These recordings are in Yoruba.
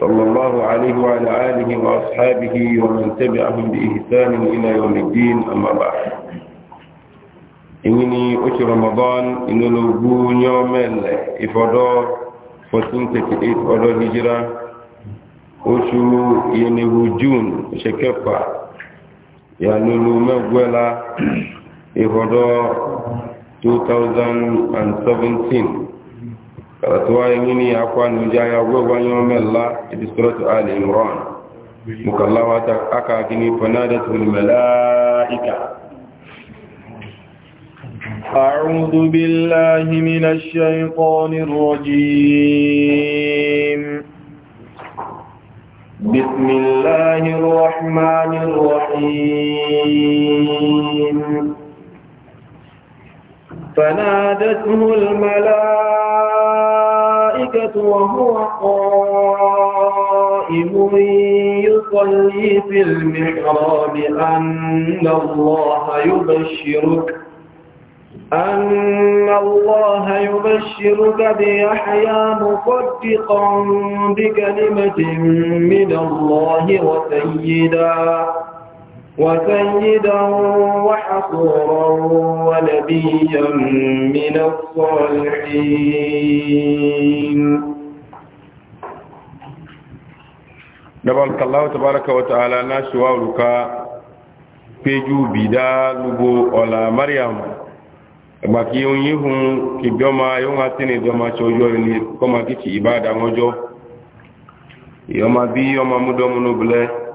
صلى الله عليه وعلى آله وأصحابه ومن تبعهم بإحسان إلى يوم الدين أما بعد إني أشي رمضان إن لبون يوم إفضار فتن تكئت أدو هجرة أشو ينهو جون شكفة يعني لمغولا إفضار 2017 karatuwa yini ya kwanu ja ya gogon yawon mella ibi suratu ali imran mukallawa ta aka gini fanadatul mala'ika أعوذ بالله من الشيطان بسم الله الرحمن الرحيم فنادته الملائكة الملائكة وهو قائم يصلي في المحراب أن الله يبشرك أن الله يبشرك بيحيى مصدقا بكلمة من الله وسيدا وسيدا وحصورا ونبيا من الصالحين نبارك الله تبارك وتعالى ناشوا لك peju bida lugo ola maryam gbaki yun yihun ki bioma yun atini bioma ti ojo ni koma ki ibada mojo yoma bi yoma mudomu nubule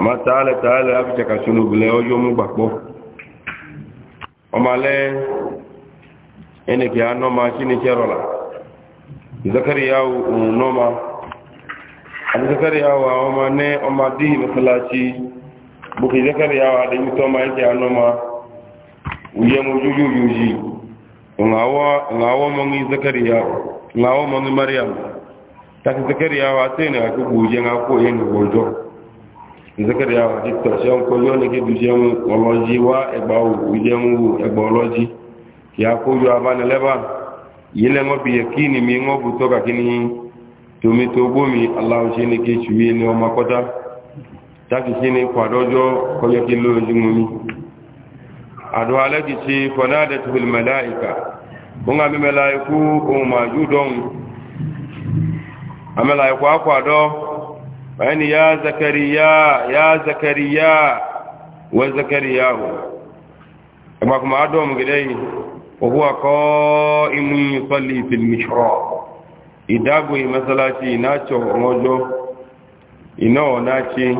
àmá tààlẹ̀ tààlẹ̀ àbìjàkà sólò bìlẹ̀ ọjọ́ mú gbàpọ̀ ọmọlẹ́ ẹnìkì anọ́mà síníṣẹ́ rọ̀lá zakariyawo nọ́mà àti zakariyawo àwọn ọmọ ní ọmọ dìhì mẹ́fẹ́láṣí bùkì zakariyawo àdéyìntọ́mà ẹ̀kì anọ́mà wùyẹ́mú jújú yìí ńláwọ́ mọ́ngí zakariyawo ńláwọ́ mọ́ngí mariam tàti zakariyawo àti ẹnìkì gbòjẹ́ ńlá kó yẹn ìzẹ́kẹ̀rẹ̀ àwọn àti tọ̀ṣẹ́ ń kọ́ yọ́ ní kébù jẹun ọlọ́jí wá ẹgbà òwú jẹun wò ẹgbà ọlọ́jí kí a kó yọ abánilẹ́bà yìí lẹ́mọ́ bí yẹ kí ni mi wọ́n bù tọ́ka kí ni tomi tó gbómi aláwọ̀ṣe ní kí ṣùgbé ní ọmọ kọ́tá táàkì sí ní pàdọ́jọ́ kọjọ́ kí lóòjú mú mi àdó alẹ́kì sí fọ́nádẹ̀ tó fi mẹ́lá ìkà wọ́n á ikú ohun màájú dọ́hun àmẹ́lá ikú á أن يا زكريا يا زكريا وزكريا كما كما أدوم قلي وهو قائم يصلي في المشراء إدابه مسلاتي ناتشو موجو إنو ناتشي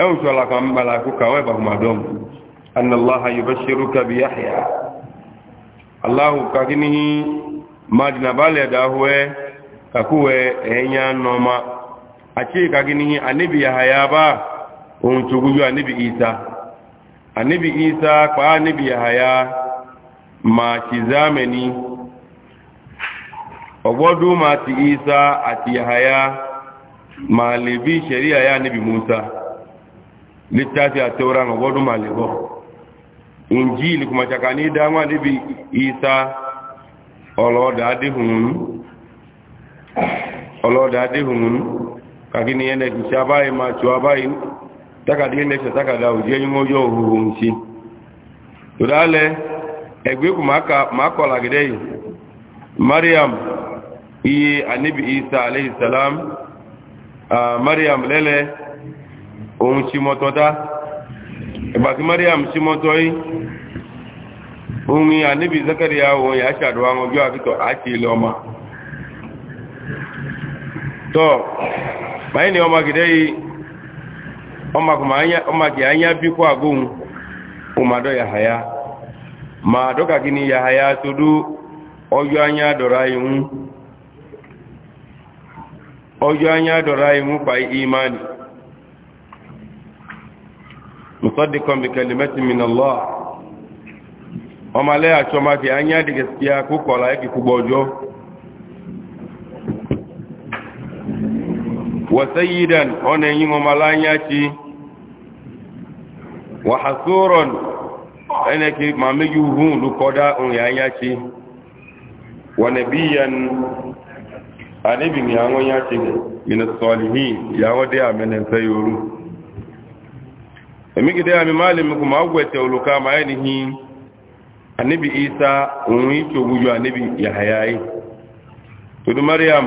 أو شو الله كم ملاكوك ويبهم أدوم أن الله يبشرك بيحيى الله كاكنه ما جنبالي داهوه kakuwe enya noma ace ka gini anibi yahaya ba ohun tuguju anibi isa anibi isa kwa anibi yahaya ma ci zamani ogbodu ma ti isa ati yahaya ma lebi sheria ya anibi musa littafi a tauran ogbodu ma lebo injili kuma cakani dama anibi isa ọlọ́dà adéhùn ọlọ́dà adéhùnmùnú kàkí ní ẹnẹ́kì sí abáyé máa tó abáyé tákàdé ẹnẹ́kì tákàdá òjì ẹyún ọjọ́ òhùhùn sí tòdálẹ̀ ẹgbẹ́kù máa mariam iye anibi isa aleyhisalam mariam lẹ́lẹ́ ohun mariam ohun anibi yà ọmọ tọ báyìí ni ọmọ gidẹ ọmọ gidẹ anya bí kó ma yahaya ma dọ́ka gini yahaya tó dó anya dọ̀rọ̀ anya dọ̀rọ̀ ihun imani musaddiqan bi kalimati min Allah ọmọ alẹ́ àti ọmọ gidẹ anya dìgẹ̀sí akókọ̀ọ́lá ẹ̀kì e kúgbọ́ وسيدا أنا يوم ملانياتي وحصورا أنا كي ما ميوهون لقداء يانياتي ونبيا أنبي يانياتي من الصالحين يعودي من السيور èmi gidẹ́ àmì máa lè mẹ́kù máa wẹ̀tẹ̀ olùká máa ní hí àníbi isa òun ìṣòwújọ àníbi yàhàyà yìí tó dún mariam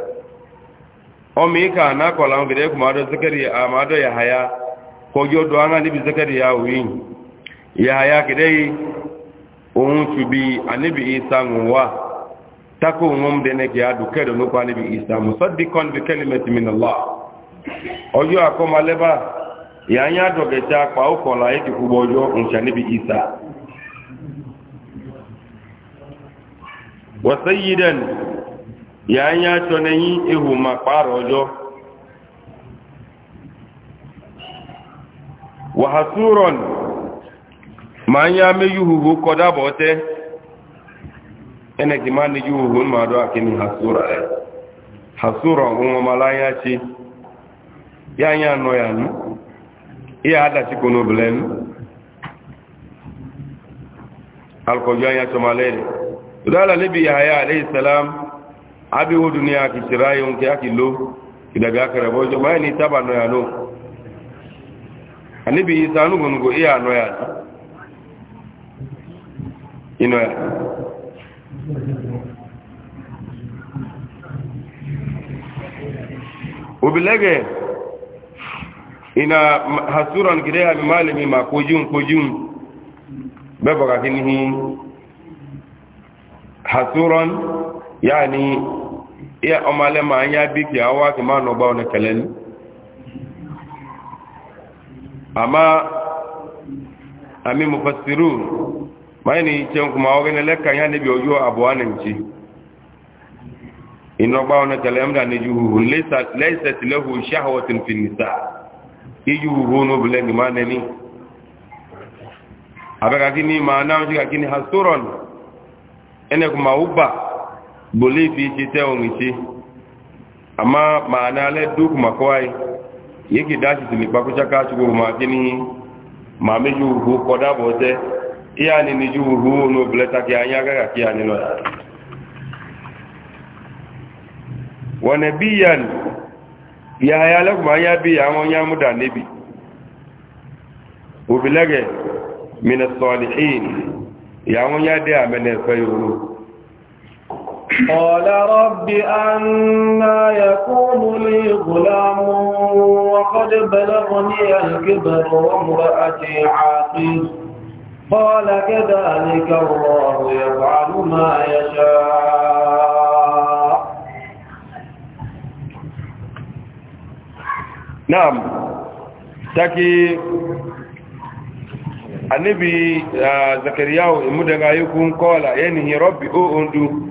ọmọ ika na kọla ọmọ gida kuma ado zakari a ya haya ko ya wuyi ya haya gida yi ohun cubi anibi isa tako ohun na giya duka da nukwa anibi isa bi kalimati min allah ojo akoma leba ya anya dogeta pa ukola yake kubo ncha isa yà á yá aṣọ nẹyìn ihò máa pààrọ̀ ọjọ́ wàhásúrọ̀n máa ń yá méyú huhu kọdábọ̀ tẹ́ ẹnẹ̀kì máa níjú huhu ní màá dọ́ àkíní hasúrọ̀ ya hasúrọ̀ ohun ọmọ aláyá ṣe yá yá nọ yà nú ìyá àdàsí kò ní obìnrin salam abi wo duniya ki tira yon ki aki lo ki daga kare bojo mai ni taba no ya no anibi isa nu gongo iya no ya ino ya ubilege ina hasuran gire abi malimi ma kojun kojun bebo ka kini hasuran yani iya ọmalẹ́ ma anya bí kí àwọn wákì máa nọ bá ọ̀nà kẹlẹ́ ní àmá àmì mufasiru ma yìí ni ìṣẹ́ nkùnmọ̀ àwọn ọ̀gẹ́ni lẹ́ka ya níbi ọjọ́ àbọ̀ wà nìyí ìnọgbà ọ̀nà kẹlẹ́ ẹ̀mdà ní ju hùhù lẹ́sẹ̀tì bolifi ci tewon ci amma ma'ana le duk makwai yake dashi tuni baku chaka chugo ma kini ma meju hu koda bote iya ni ni ju hu no bleta ki anya ga ki ani no wa nabiyan ya ya la ma ya bi ya mo ya mu da nabi ubilage min as-salihin ya mo ya de amene fayu قال رب أنا يكون لي غلام وقد بلغني الكبر وامرأتي عاقر قال كذلك الله يفعل ما يشاء نعم تكي النبي زكريا إمدغايكم قال ينهي ربي أؤندو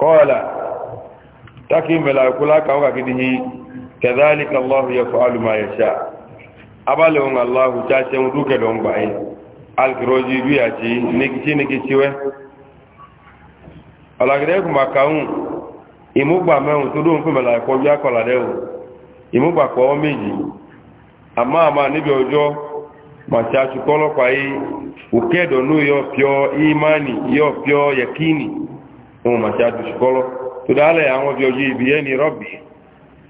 kọ́ọ̀lá tákì mẹ́làkúlá káwọ́ kàkìdìhì kẹzálíkà allahu ya fa'alu ma ya sha abalẹ̀ ohun allahu ta ṣe ń dúkẹ̀ don gbáyé alkiroji bí a ti níkìtí níkìtíwẹ́ ọ̀làgídẹ́ kùmà káhùn ìmúgbà mẹ́hùn tó dóhun fún mẹ́làkọ́ bí akọ̀làdẹ́hùn ìmúgbà pọ̀ méjì àmá هو ما كانت بشكله تقول علي عمو بيوجيه بياني ربي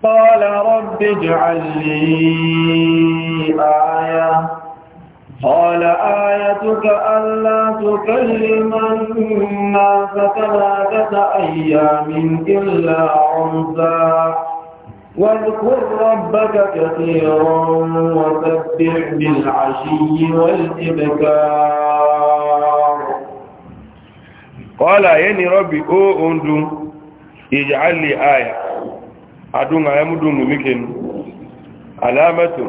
قال رب اجعل لي آية قال آيتك ألا تكلم الناس ثلاثة أيام إلا عمزا واذكر ربك كثيرا وسبح بالعشي والإبكار kọ́lá yẹ́ ni rọ́bì ó oun dun ìjà alì àyà àdúnà ẹmúdùnù míkinu alámẹ́tò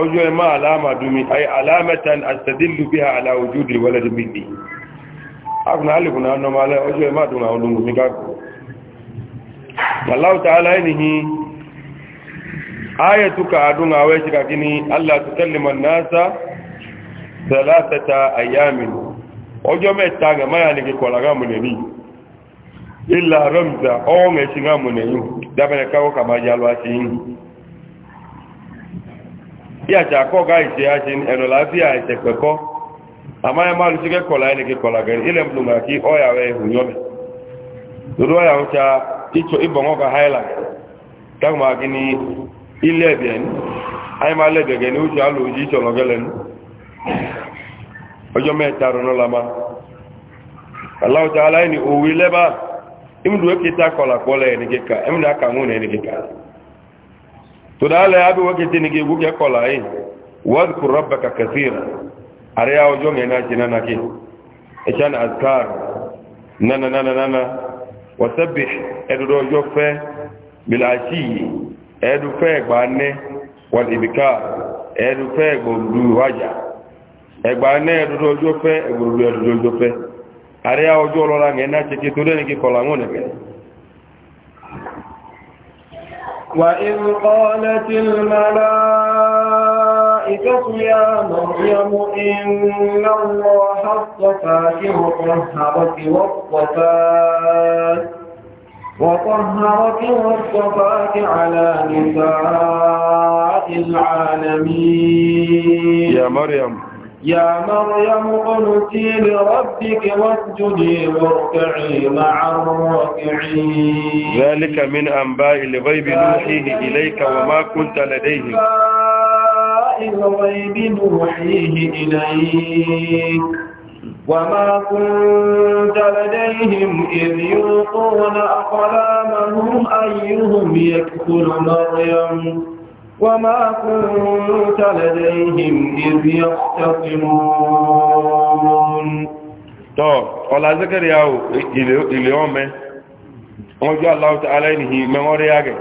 ọjọ́ ẹmá alámàdúnmi ayé alámẹ́ta àtẹ̀dìlú bí i aláwòjú dì wọ́lẹ̀ dìbìdì akùnà alìkùnà anọmalẹ́ ọjọ́ ẹmá àdúnà olùnù míkàkù aláwòta aláìníhí ayé túkà àdúnà awẹ́ ṣe kàkíní aláàtúkẹ́lẹ̀mọ̀ náà ọjọ́ mẹ́ta rẹ̀ máyà ní kíkọ̀ lára mọ̀nà ní ilẹ̀ rọ́mìta ọwọ́ mẹ́sí rá mọ̀nà yìí dábẹ̀rẹ̀ káwọ́ kàmá ya lọ àti yìí bí àti àkọ́gá ìṣe àti ẹ̀nà láàfíà ẹ̀sẹ̀ pẹ̀kọ́ àmáyà máa lùsí kẹ́kọ̀ láyà ní kíkọ̀ lára ilẹ̀ mùlùmọ̀ kí ọ̀yà rẹ̀ hù ọjọ́ mẹ́ta rọ̀nà lama aláwọ̀ta aláìní òwe lẹ́bà ìmúdù wẹ́kẹta kọlà kọlẹ̀ ẹnìkẹka ẹmúdù akàwọn ẹnìkẹka tó dáálẹ̀ abẹ́ wẹ́kẹta ní gẹ́gẹ́ gẹ́ kọlà yìí wọ́n kò rọ́bà kàkàsíra àríyá ọjọ́ mẹ́ná ṣe nánà kí ẹ̀ṣán azkar nánà nánà nánà wọ́sẹ́bì ẹ̀dọ̀dọ̀ ọjọ́ fẹ́ bìlàṣì ẹ̀dùfẹ́ ẹgbà náà dúdú ọjọ́ pẹ́ ẹgbòròdú ẹdúdú ọjọ́ pẹ́ àrí ọjọ́ ọlọ́ra ń ẹ̀nà ṣe kí tó dẹ́ni kí kọlà wọn nìkẹ́ وإذ قالت الملائكة يا مريم إن الله اصطفاك وطهرك واصطفاك وطهرك واصطفاك على نساء العالمين يا مريم يا مريم قنتي لربك واسجدي واركعي مع الراكعين ذلك من أنباء الغيب نوحيه إليك وما كنت لديهم الغيب نوحيه إليك وما كنت لديهم إذ يلقون أقلامهم أيهم يكفل مريم وما كنت لديهم إذ يختصمون طب ولا ذكر ياو اليوم وجاء الله تعالى عليه مموريا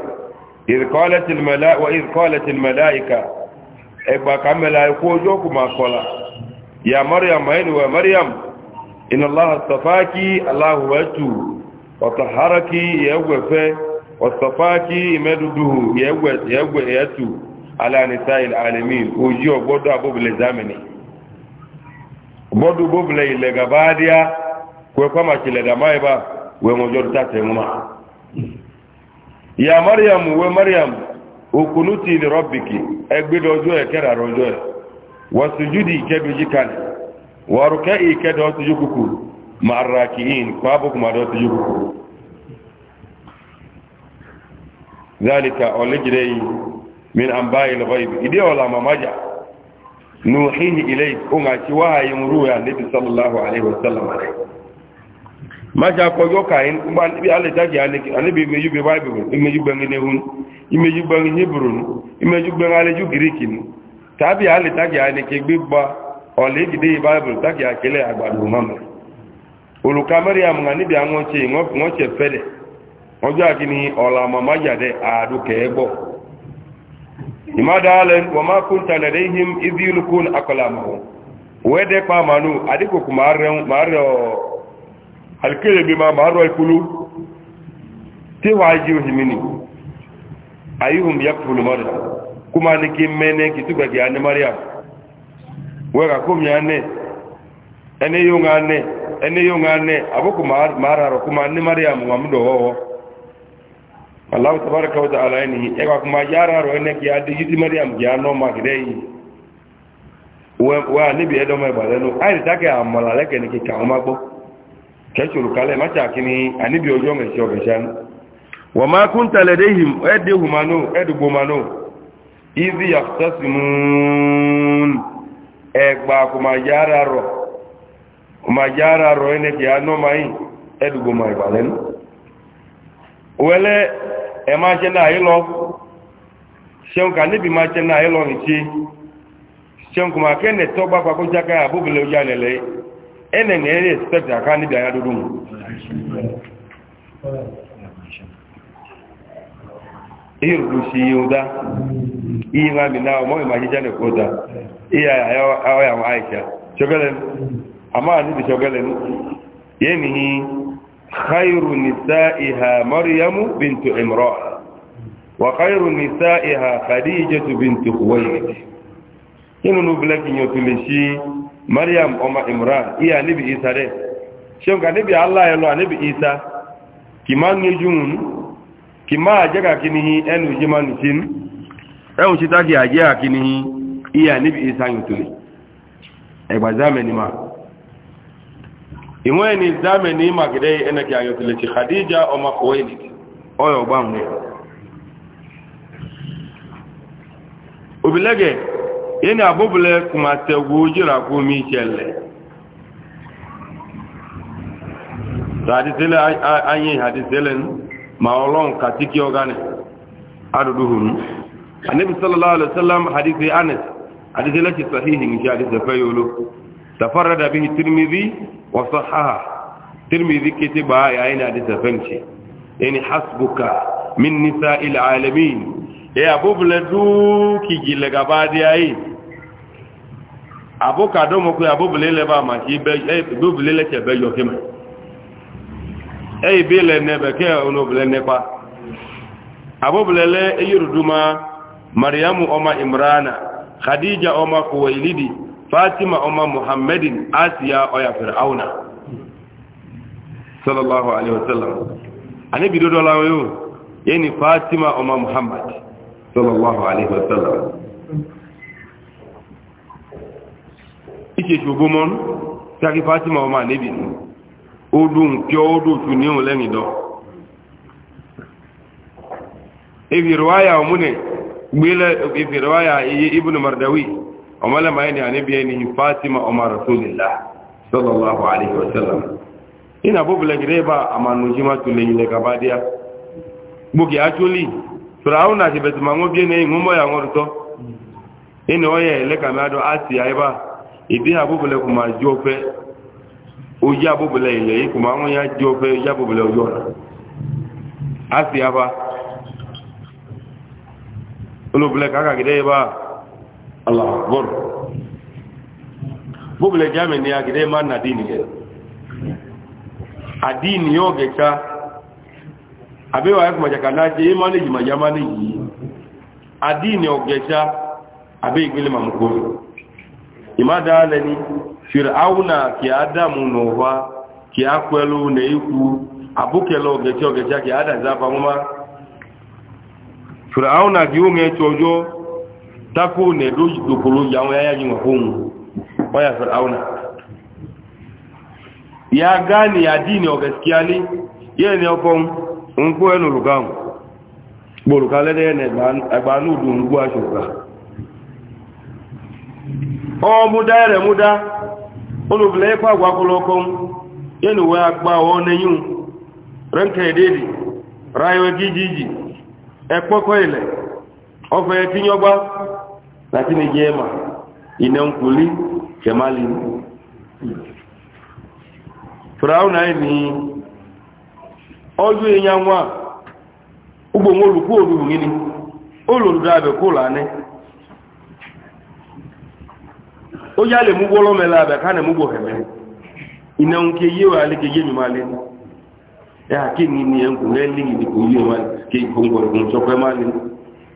إذ قالت الملائكة وإذ قالت الملائكة إبا كمل يقول ما قال يا مريم وين ومريم إن الله اصطفاك الله وتو وطهرك يا wasafaki imeduduhu yegwe yetu ala nisa'il alamin oji ogbodo abobile zamani ogbodo bobile ile gabadia kwe kwama kile da mai ba we mojo ta temuma ya maryam we maryam ukunuti li rabbiki egbedo ojo e kera rojo e wasujudi keduji kan warukai kedo tujukuku ma'arrakiin kwabo kuma zalika olijirei min ambayi lghaibi ide ola mamaja nuhihi ilay unga ci wahayin ruya nabi sallallahu alaihi wasallam alaihi maja ko yo kayin ba bi alle dagi aniki anibi me yube bible me yube ngi nehun ime yube ngi hebrun ime yube ngi ale ju greekin tabi alle dagi aniki gbigba olijide bible dagi akele agbadu mama olukamari am ngani bi anwo ci ngo ngo ci fele ọjọ́ àkíní ọ̀la màmá yàdẹ àádókẹ́ gbọ́ ìmádàálẹ̀ wọ́n máa kún tàlẹ̀ léhìm ìdílùkún akọlàmọ̀ wẹ́dẹ́ pa mànú àdíkòkù máa rẹ̀ ọ̀ alìkéyè bí máa rọ ìkúlú tí wàá jí òhìmìnì ní maria wẹ́gà kó mi anẹ́ ẹni yóò ń anẹ́ ẹni yóò ń àbúkù máa rà rọ̀ ní maria muhammadu ọwọ́wọ́ Alahu tabaraka wa ta'ala ni e ka kuma yara ro ne ki adi yiti Maryam ya no ma gidei wa wa ni bi edo mai balenu ai ta ke amala le ke ni ki ka ma gbo ke churu kale ma cha kini ani bi ojo me sho geshan wa ma kunta ladaihim edu eh, humano edu eh, gomano izi yaftasimun e eh, gba kuma yara ro kuma yara ro ne ki ano mai edu gomai balenu wele ẹ máa jẹ́ náà ìlọ ṣeun ma níbi máa jẹ́ náà ìlọ ìṣe ṣeun kò máa kẹ́nẹ̀ tọ́ bá pàkó jáká àbúgbìlẹ ojú àlẹ̀lẹ̀ ẹnẹ̀ ní ẹ̀rẹ́ expect àká níbi àyà dúdú mu ihe ruru sí iye ma mi náà ọmọ ìmọ̀ ṣọgẹ́lẹ̀ ṣọgẹ́lẹ̀ خير نسائها مريم بنت عمران وخير نسائها خديجة بنت خويلد كنو نبلك يوتلشي مريم أم عمران إيا نبي إيسا ده كان نبي الله يلو نبي إيسا كما نجون كما أجاك كنه أنو جمان سين أو شتاكي أجاك كنه إيا نبي إيسا يوتلي أبا زامن ما inwe ni zame ni magidei ene ki ayotile ci khadija o makhwaini oyo bangwe ubilege yene abubule kuma tewujira ku mi chelle hadisele anyi hadiselen ma olon katiki ogane aduduhun annabi sallallahu alaihi wasallam hadisi anas hadisele ci sahihi ngi hadisi fayolo tafarrada bihi tirmidhi wa sahaha tirmidhi kitiba ya ina hadisa fanci yani hasbuka min nisa'il alamin ya e bubla du ki gile gabadi ayi abuka do mo ko ya bubla le ba ma ki be e bubla le ke be yo kema e be le ne be ke ono bele ne pa abubla le e yurduma maryamu oma imrana khadija oma kuwailidi fatima Umar muhammadin asiya ọya fir'auna sallallahu alaihi wasallam anibi dodo lawo yau ni fatima Umar muhammad sallallahu alaihi wasallam ike ṣogbo mọ́n sáàkì fatima Umar anibi odun ó dùn kí ó dùn tún ní òun lẹ́yìn dọ́ ìfìrìwáyà ọmúnẹ̀ gbélé mardawi ọmọ lẹ́mà ẹni àníbí ẹni fatima ọmọ rasulila sallallahu alaihi wasallam ina bóbulẹ̀ gidẹ́ bá àmànùjí má tulè ilẹ̀ gabadíà gbogbo àjọlì fìràún náà ti bẹ̀tì ma wọ́n bí ẹni ìmúmọ́ ya wọ́n rútọ́ inú ọyẹ ẹlẹ́kàmí adọ́ àti àyíbá ìdí àbóbulẹ̀ kò máa jí ọfẹ́ ojú àbóbulẹ̀ ilẹ̀ yìí kò máa wọ́n Allahu akbar bóbulẹ̀ jáàmì ni agidẹ́ máa nà dínì yẹ àdínì yóò gẹ̀ká àbíwá ẹkùn màjàkà náà jẹ́ yé máa lè yìí màjá máa lè yìí àdínì ọ̀gẹ̀ká àbí ìgbélé màmúkó ìmádà lẹ́ni fìràáwùnà kì á dàmú nọ̀wá kì á pẹ́lú nà ikú àbúkẹ́lọ ọ̀gẹ̀ká ọ̀gẹ̀ká kì á dà tako ne do dokolo ya yayin wahon waya fir'auna ya ya dini o gaskiya ne yana ne ọkọn nkwo ẹnu rugan gboruka lẹ́dẹ̀ ẹ̀nà ẹgbàánúdù ń gbọ́ aṣọ́gbà ọ múdá ẹ̀rẹ̀ múdá olùbìlẹ̀ ipa àgbàkọlọ ọkọn yẹnu ọfẹ tinyọgba láti ní jẹ ma iná ń kulí kẹmálì fìràwọn náà ní ọjọ ìyá wọn ugbò wọn olùkú olùhùn yìí ni olùdó abẹ kó lánẹ ó yá lè mú gbọlọmẹlẹ abẹ ká lè mú gbọ hẹmẹ iná ń ké yé wà lè ké yé mi má lé ẹ àkéyìn ni ẹ ń kù lẹ́lẹ́yìn ìdìbò yé wọn kéyìn kó ń gbọ̀rọ̀ kó ń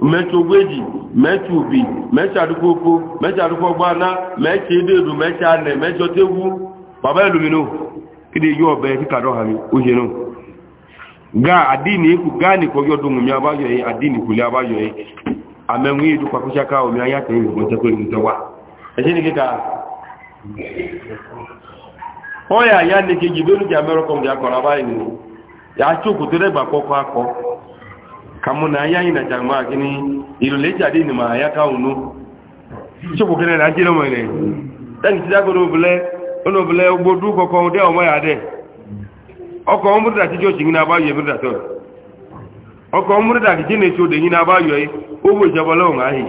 mmechi ogweji mechi ubi mechi adụkoko mechi adụkọgbana mechi ededu mechi anị mechi ọta egwu baba elumino kede yi ọbẹ kíkà dọ́ha mi oye náà ga adini ikú gáàni kọjọ́ dùnmù mi abáyọ̀ yìí adini kùlẹ̀ abáyọ̀ yìí amẹ́wọ̀n yìí dúpọ̀ kúṣáká omi ni kamu na aya yi na jama gini ilule ni ma aya ka unu chukwu kene na jire mo ne dan ti ono ogbo du de o mo ya de oko o mu da ti jo na ba ye mu da to oko o mu da ki jine so de na ba yo yi o bo je bolo nga yi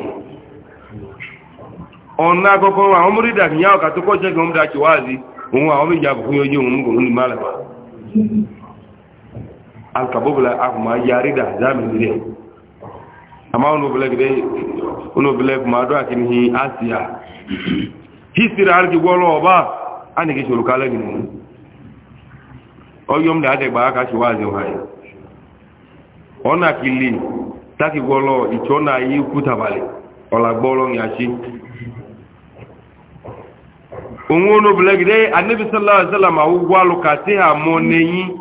ona koko wa o da ki ya o ka to ko je ko mu da ki wazi ohun a o mi yo ko alkabobla akuma yarida zamindire amma wani obele gide wani obele kuma ado akin hi asiya hisira arki gwọrọ oba a ni kishoro kala gini ọyọm da adegba aka ṣe wazi ọhayi ọna kili taki gwọrọ icho na yi ikwu tabali ọlagbọrọ ya ṣi onwe wani obele gide anabi sallallahu alaihi wasallam awugwalu ka ti ha mọ n'enyi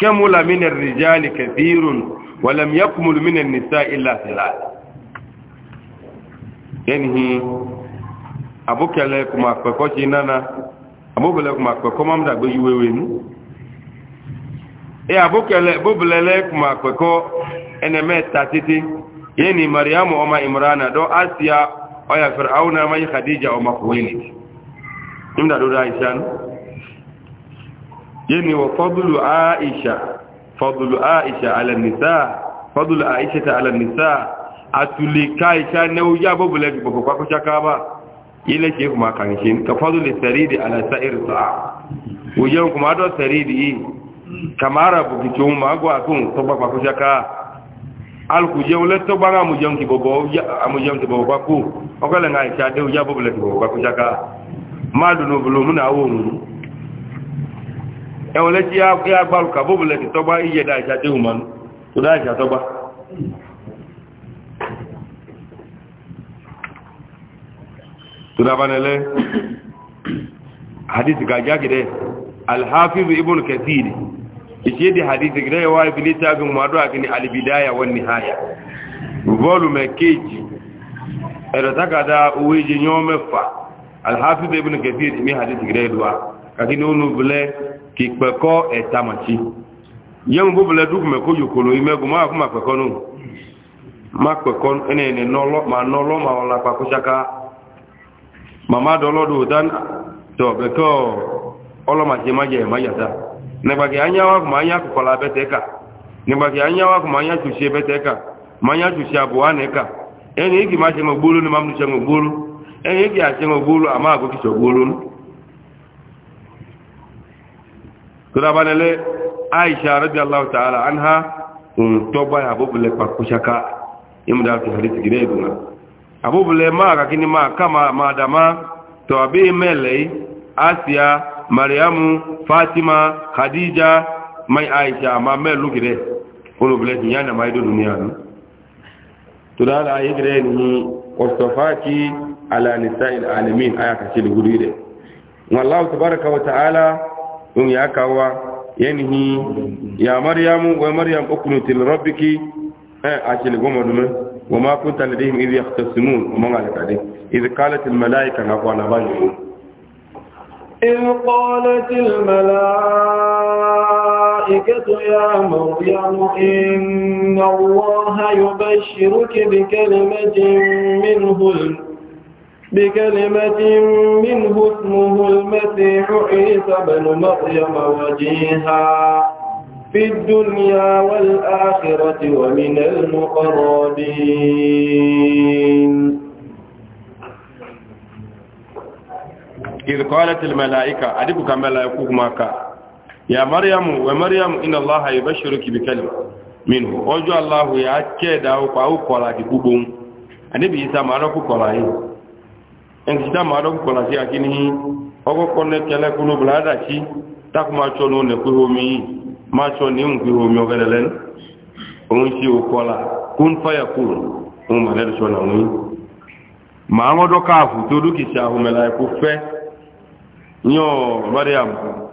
كمل من الرجال كثير ولم يكمل من النساء إلا ثلاث ينهي أبوك لكم أكبركوش نانا أبوك لكم أكبركم أمد أبوك يوين إيه أبوك لكم أكبركو أنما تاتيتي ينهي مريم وما إمرانا دو آسيا ويا فرعون ما يخديجة وما خوينك إمد أدو رايشان yini wa fadlu aisha fadlu aisha ala nisa fadlu aisha ta ala nisa atulika aisha ne o ya bobo lebi bobo kwa kucha kaba ile ke kuma kan shi ka fadlu saridi ala sa'ir sa'a wujen kuma do saridi kamara bu kicho ma gwa kun to ba kwa kucha ka al ku je wala to ẹ̀wọ̀n lẹ́tí agbárùkà bóbù lẹ́tí tọ́gbá iyẹ̀dà ìṣàtí ìhùmọ̀nù tó dá ìṣàtọ́gbá tó dábánilẹ́ hadith gajá gidẹ́ alhafizu ibn kathir ìṣe di hadith gidẹ́ wa ibili tàbí mọ́dọ́ àkíní alibidaya wọn ni haya bọ́ọ̀lù mẹ́kẹ́jì ẹ̀rọ takada owó ìjẹyàn mẹ́fà alhafizu ibn kathir mi hadith gidẹ́ duwa ati ni onu vlɛ k'ikpɛkɔ ɛtamati yɛŋu bó vlɛ dukume kó yokolo yi mɛgu mɛ akuma kpɛkɔ nu ma kpɛkɔ ɛnɛ ɛnɛ nɔlɔ ma nɔlɔ ma ɔla kpaku tsaka mama dɔlɔ do ta tɔ bɛtɔ ɔlɔmatsɛ ma dzɛ ma dzata n'agbake anyawo akuma anya kɔkɔla bɛtɛ ka n'agbake anyawo akuma anya tsutsi bɛtɛ ka ma anya tsutsi abo anɛ ka ɛnɛ eki ma tsɛ ŋɔ gbolo ne ma mu tsɛ ŋɔ gbolo ɛnɛ eki atsɛ ŋɔ gbolo ama agbɔkitsɔ gbolo nu. turabanale aisha radiyallahu ta'ala anha un toba ya bubule pa kushaka imda tu hadithi gideduna abubule ma ka kini ma kama madama to abi mele asia maryamu fatima khadija mai aisha ma melu gide ulu bule nyana mai do dunia no tudala ayi gide ni wastafaki ala nisa'il alamin aya ka chili gudide wallahu tabaraka wa ta'ala in ya kawa yanihi ya maryamu wa maryam ukunuti li rabbiki eh akili goma dume wa ma kunta ladihim idh yahtasimun man alqadi idh qalat al malaika na qala bayu إذ قالت الملائكة يا مريم إن الله يبشرك بكلمة منه بكلمة منه اسمه المسيح عيسى بن مريم وجيها في الدنيا والآخرة ومن المقربين إذ قالت الملائكة أدبك ملائكوك ماكا يا مريم ومريم إن الله يبشرك بكلمة منه أجو الله يا أكيد أو قاو ببوم. كبوبون أدب إيسا ماركو قولا enkita maa dɔ kɔla si akini ɔkɔ kɔnɛ kɛlɛ kolo bila adaki taku ma tsɔ n'o nɛkpe homi yi ma tsɔ ne nkpe homi o gɛrɛ lɛ nu òun si o kɔla kun faya kun òun ma n'ɛdi sɔ na ŋu yi ma ŋɔ dɔ ka fu to do kisi ahome la e ko fɛ nyɔ lɔria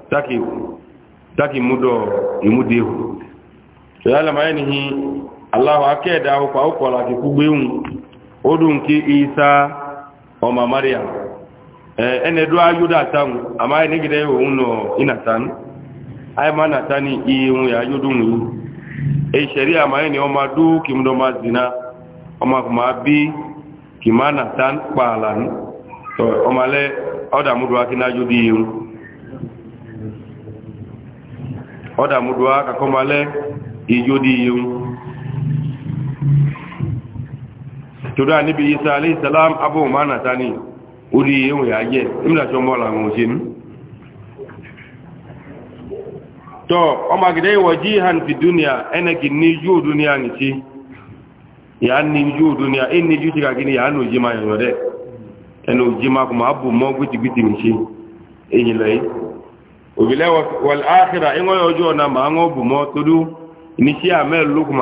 taki taki mu dɔ emu de o tòyà lɛ ma yɛ nihi alahu akɛ da o fa o kɔla kiku ŋu o dun ki isa. ọmọ maria ẹni ẹdọ ayúdá tánu àmá ẹnigidẹ òun nọ ìnàtánu àìmá nàtánu iye ohun ayúdùn yìí ìṣẹ̀rí àmá ẹni ọmọ adó kì í dọ́mà zina ọmọ kò máa bí kì má nàtánu pààlà ní ọmọ alẹ́ ọ̀dàmúdùá kí náà yóò di iye ọmọ alẹ́ ìyó di iye todo anibi isa alayhi salam abu mana tani uri yewu ya je imla chombo la ngushin to oma gide wajihan fi dunya ene kinni ju dunya ni n'isi ya ni ju dunya in ni ya no jima yo de eno jima kuma abu mo guti guti ni ci ma ngo bu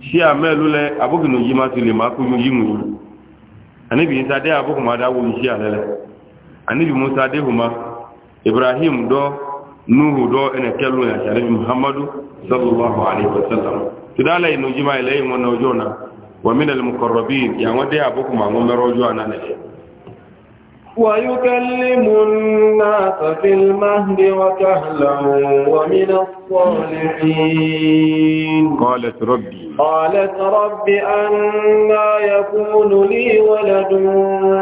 shi a melu le abokin yi ma ti le ma ko yi mu bi isa de abokin ma da wo shi a lele bi musa de huma ibrahim do nuhu do ene kelu ya sharibi muhammadu sallallahu alaihi wasallam kidala ino jima ile yin wannan ojona wa min al muqarrabin ya wade ma ngomero ojona ne ويكلم الناس في المهد وكهلا ومن الصالحين قالت ربي قالت رب أنا يكون لي ولد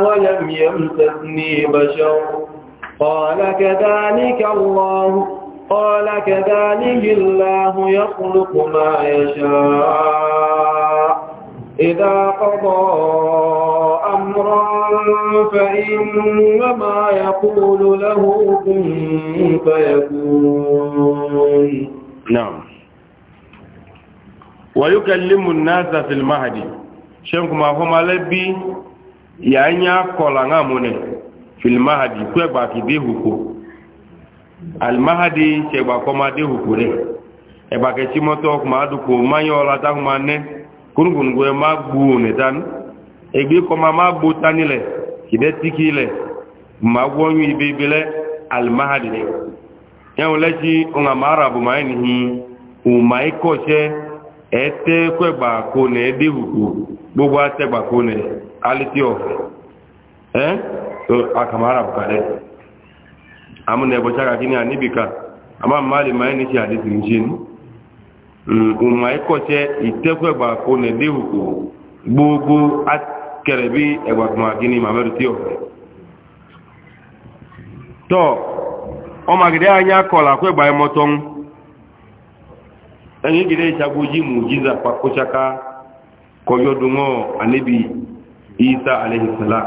ولم يمسسني بشر قال كذلك الله قال كذلك الله يخلق ما يشاء إذا قضى أمرا فإنما يقول له كن فيكون نعم ويكلم الناس في المهدي شنك ما هم لبي يعني أقول أنا في المهدي كيف باكي almahadi ṣe gba kọmadé hùkú rẹ̀ ẹgbàkẹ̀ tí mọ́tọ́ ọkùnmọ́ adùkù máyọ́ ọlátàkùnmọ́ anẹ́ kúrùkùnkùn ẹ má gbù ònìtánú egbe kɔma ma bo tani lɛ kibɛ tiki lɛ ma wɔnyu ibebe lɛ alimahadi lɛ ɛwọn lɛ tsi ma arabu ma ni ɔma yi kɔtsɛ ɛtɛ ko gbogbo atɛ gba ko nɛ ka amu ka ama ma li ma yi ni tsi adi tiri tsi yi kɔtsɛ ko nɛ kẹrẹ bí ẹgbà tó máa gíní màmẹ́rù tí ọ̀fẹ́ tọ́ ọmọ gidẹ anya kọlà kó ẹgbà ẹmọ tọ́ ń ẹni gidẹ ìṣàgbójì mú jíza pàkóṣaká kọjọdúnmọ́ àníbi isa alẹ́hìsàlá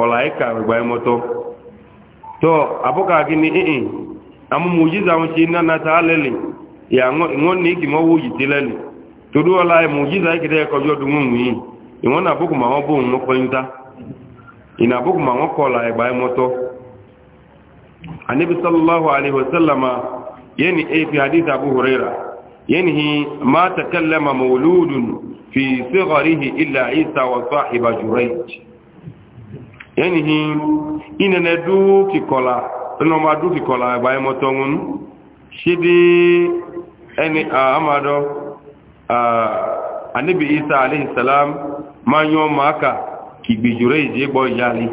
ọ̀là ẹ̀ka ẹgbà ẹmọ tọ́ tọ́ àbúkà gíní ìhìn àmú mú jíza wọn ṣe nánà tá lẹ́lẹ̀ ìyà ní ìgbìmọ̀ wó yìí tí lẹ́lẹ̀ torí ọ̀la mú jíza ìkẹdẹ kọjọdúnmọ́ yìí ịnwe na-abụghị ma ọ bụ nwekọta ị na-abụghị ma nwekọla ịgba ịmụtọ anabi sallallahu alaihi wasallama yani e fi hadith abu huraira yanhi ma takallama mawludun fi sigharihi illa isa wa sahiba jurayj yanhi inene du ki kola no ma du ki kola ba mo tongun shidi eni amado ah anibi isa alayhi salam ma nyɔ ma ka kigbi jure yi dze gbɔ yali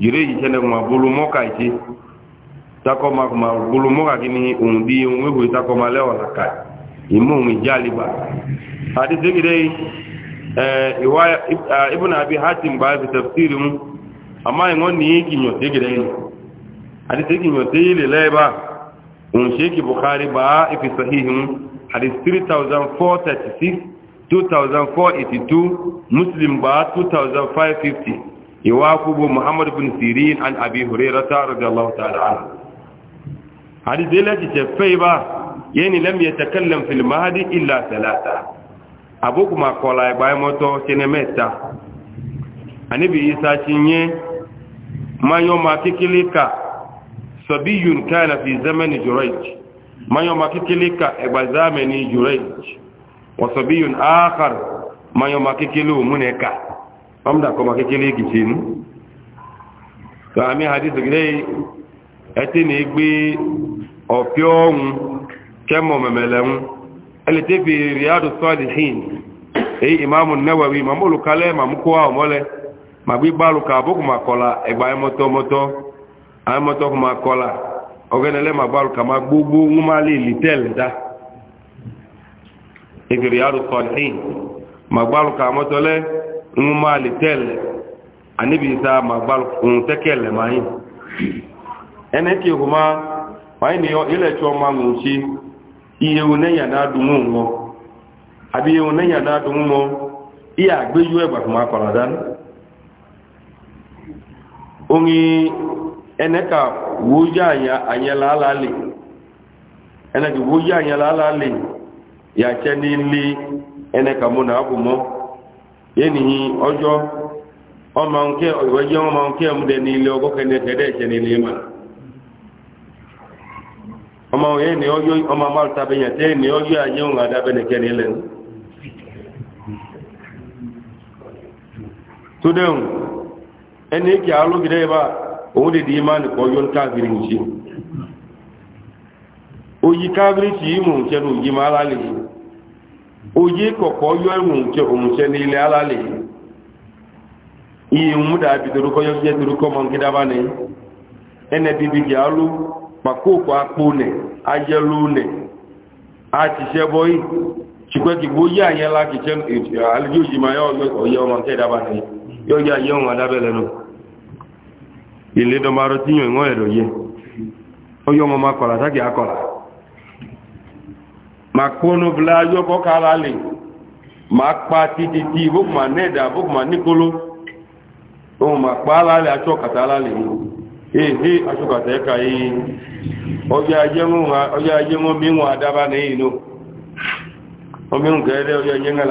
jure yi tse ne ma bolo mɔ ka tse takɔ ma ma bolo mɔ ka kini ohun di ohun ehoe takɔ ma lɛ ɔla ka imu ohun jali ba adi segi de ɛɛ iwa ibuna abi hatim ba fi tafsiri mu ama yi ŋɔ ni ki nyɔ segi de adi segi nyɔ segi le lɛ ba ohun seki bukari ba ifi sahihi mu 3436. 2482 muslim ba 2550 iwakubu muhammad bin sirin an abi hurairata radiyallahu ta'ala anhu hadith lati tafai ba yani lam yatakallam fil mahdi illa thalatha abuku ma kola ba moto kene meta anibi isa chinye mayo makikilika sabiyun kana fi zamani jurayj mayo makikilika ebazameni jurayj wasabiyun akhar mayo makikele omuneka amda ko makikele kitinu ka ami hadith gidei etini gbe opiohun kemo memelehun elete fi riyadu salihin eyi imamu nawawi mamulu kale mamukuwa omole magbigbalu ka aboku makola egba emoto moto amoto kuma kola ogenele magbalu ka magbogbo nwuma lili tele da egere ya rukọnihin ma gbalụka amọtọle nwụma alitele anibisa ma gbalụkun tekele ma anyị eneke ma anyị na ilechi ọma ihe uneya na adụnwụ nwụ abịa ihe uneya mụ ihe agbeju egbakwụma kọrọdan onye yàtsɛ n'ili ɛnɛ kàmú nà abùmɔ yénìí ɔdzɔ ɔmà ŋkɛ ɔyɔdzi ọmọ ŋkɛ mu dɛ n'ili ɔkɔ kɛnɛ kɛdɛ ma ɔmà yénìí ọmọ ɔmà má ta bɛ yàtɛ yénìí ɔyɔ yàtsɛ ŋà dà bɛ nɛ kɛnɛ di oyi kábírìtì ìmù ń tẹnu òjì máa lálẹ́ yìí oyi kọ̀kọ́ yọ ìmù ń tẹ ní ilẹ̀ alálẹ́ yìí ìmú dàbí torúkọ yọ jẹ́ torúkọ mọ́ nkí dábà ní ẹnẹ bíbí jẹ́ alú pàkóòkò apó nẹ̀ ajẹ́lú nẹ̀ àtìṣẹ́ bọ́yì ṣùgbọ́n kì gbó yá yẹn láti tẹ àlejò òjì máa yọ ọyẹ ọmọ nkẹ́ dábà ní yọ yá yẹ òun adábẹ́lẹ́ nù ìlédọ́marọ́ tíyàn ìwọ̀n ẹ̀rọ yẹ ọyọ ọmọ máa kọ̀lá sákì akọ̀lá ma kóno bila yọkọ kala le ma kpa tititi bó kuma nẹda bó kuma nikolo ó ma kpa ala le atsɔ kata ala le hehe atsɔ kata yẹ e ka e. ye ɔyọ ayé ŋo ŋa ɔyọ ayé ŋo mi ŋo adaba ne yi no ɔmi ŋo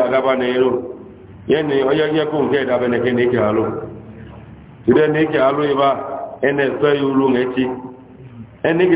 adaba ne yi e no yẹni ya ne yi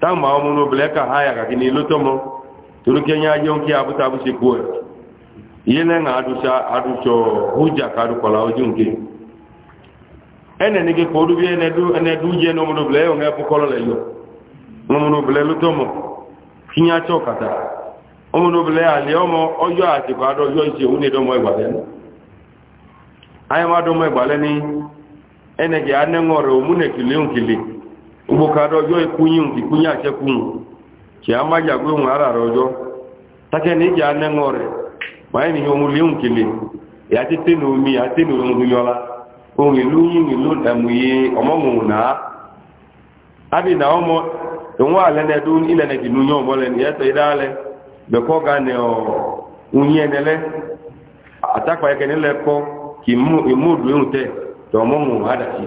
tamba o muno bleka haya ka kini lutomo turuke nya jonki abu tabu si kuwe yene nga adusha aducho huja ka du kola ojunki ene nige kodu bi ene du ene du je no muno bleyo nga po kola leyo no muno ble lutomo kinya choka ta o muno ble ali omo ojo ati ka do ojo ji uni do mo igba den aya ma do mo igba le ni ene ge anengore o muno kili un kili ugbo ka adọjọ ikunye nke kunye achekwunwu chi amajagwe nwe arara ọjọ take eh, na iji anya ṅụrị ma anyị n'ihe omume nkele ya tete na omi ya tete na ogunyola onyelu onye nwelu emuye ọmụmụ na adị na ụmụ onwe ala na-edo ile na ejinụnye ọmụlụ na eto ide ale bekọ ga na onye nele atakwa ekenele kọ ka imu odu enwute ta ọmụmụ adachi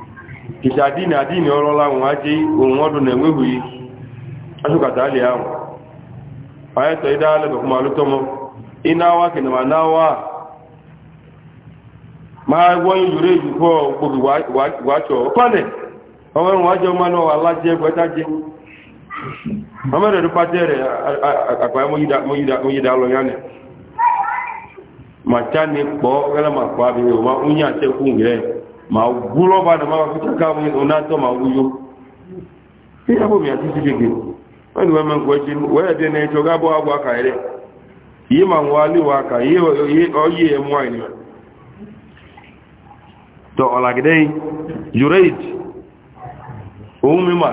kìtà dínì àdínì ọrọ̀ láwọn ajé ohun ọdún nà enwehu yìí aṣùkàtà alì ahùn ayẹ́tọ̀ ìdá alẹ́bẹ̀kùnmọ̀ alútọ́mọ́ iná wá kìnnàmà náà wá máa wọ́n yìí rẹ̀ jù gbogbo wáṣọ̀ pálẹ̀ ọmọ ẹ̀rùn wájọ́ ọmọ ma gúrọ́ bá dà máa kúta káàmù onátọ́ ma wúyó kí yàbò mi àti ti gègé wọ́n ni wọ́n mẹ́ kọ́ jí wọ́yẹ̀ dé náà ìjọba bọ́ àgbà ẹ̀rẹ́ yìí ma wọ́n alé wa kà yìí ọyẹ́ ẹ̀mú àìní tọ́ ọ̀làgídẹ́ yureid ohun mímà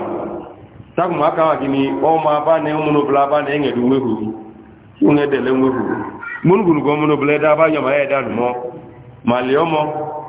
tákùnmù akáwà kí ni ọmọ ọmọ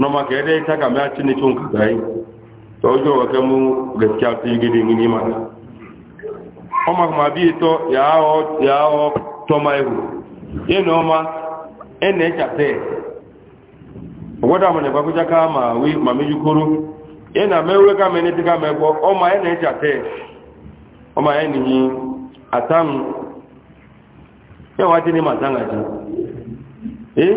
nọma ka ede ita ka mea chineke nkata yi ta ọjọọ wake mụ gaskiya ta gidi ngini ma ọma kuma bi ya ọ ya ọ tọma ihu ye na ọma ene chate mu ne bakuja ka ma wi ma mejukuru ye na ka ma tanga ji eh?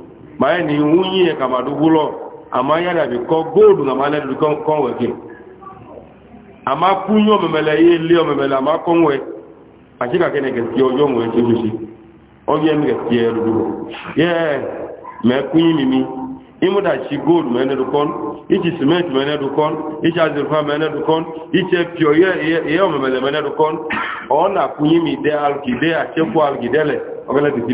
ma ye nin ŋun yi ye kama dugulɔ a ma yala bi kɔ góòdù ŋa ma lɛ du kɔn wɛ ke a ma ku ɲɔ mɛmɛ lɛ i ye lé mɛmɛ lɛ ti ka kɛ ne imuda tsi gold mɛ ne do kɔn itsi cement mɛ ne do kɔn itsi azurfa mɛ ne do alki dɛ atsɛku alki dɛ lɛ ɔbɛlɛ titi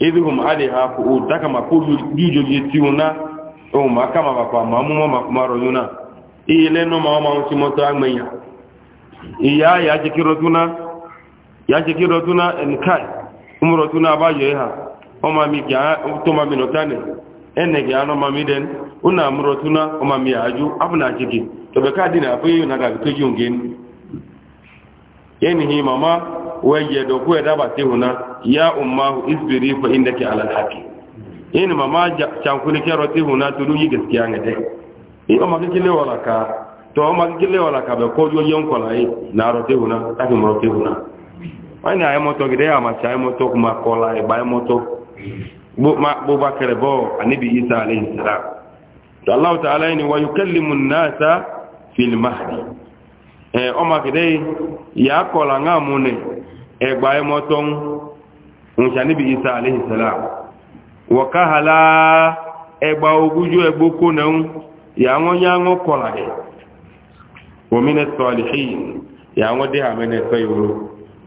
idhum alaiha qu'ud takama kudu jujo jitiuna o makama bakwa mamumo makumaro yuna ile no mama uchimoto amenya iya ya jikiro tuna ya jikiro tuna enkai umro tuna bayo ha o mami kya to mami no tane no den una umro tuna o aju to be na ga to jungin yeni mama wajedo kuwa daba tihuna ya ummahu isbiri fa innaki ala alhaqi in mama chankuni kero tihuna tulu yi gaskiya ne dai in ma kike le wala ka to ma kike le wala ka be ko yo yon ko na ro tihuna ta mo tihuna wani ay moto gide ya ma cha moto kuma ko lai e ba moto bu ma bu bakare bo anabi isa alayhi salam to allah ta'ala ni wa yukallimu nasa fil mahdi eh o ma gide ya ko nga ngamune ẹgbà ẹmọ tó ń ǹṣà isa aléhìsàlám wọ̀káhàlá ẹgbà ogújú ẹgbó kó náà yàwọn yáwọn kọlà ẹ̀ òmìnà sọ̀lìṣì yàwọn dé àmẹ́nà ẹ̀fẹ́ ìwòrò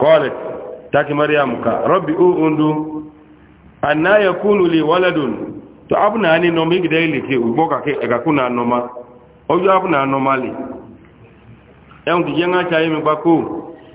kọ́ọ̀lẹ̀ mariam ka rọ́bì ó ondo àná yẹkúnù lè wọ́lẹ́dùn tó ábùnà ni nọmọ ìgìdẹ́ ilẹ̀ kí ògbó na ẹ̀kàkúnà nọmọ ọjọ́ ábùnà nọmọ lè ẹ̀hùn kìí yẹn ń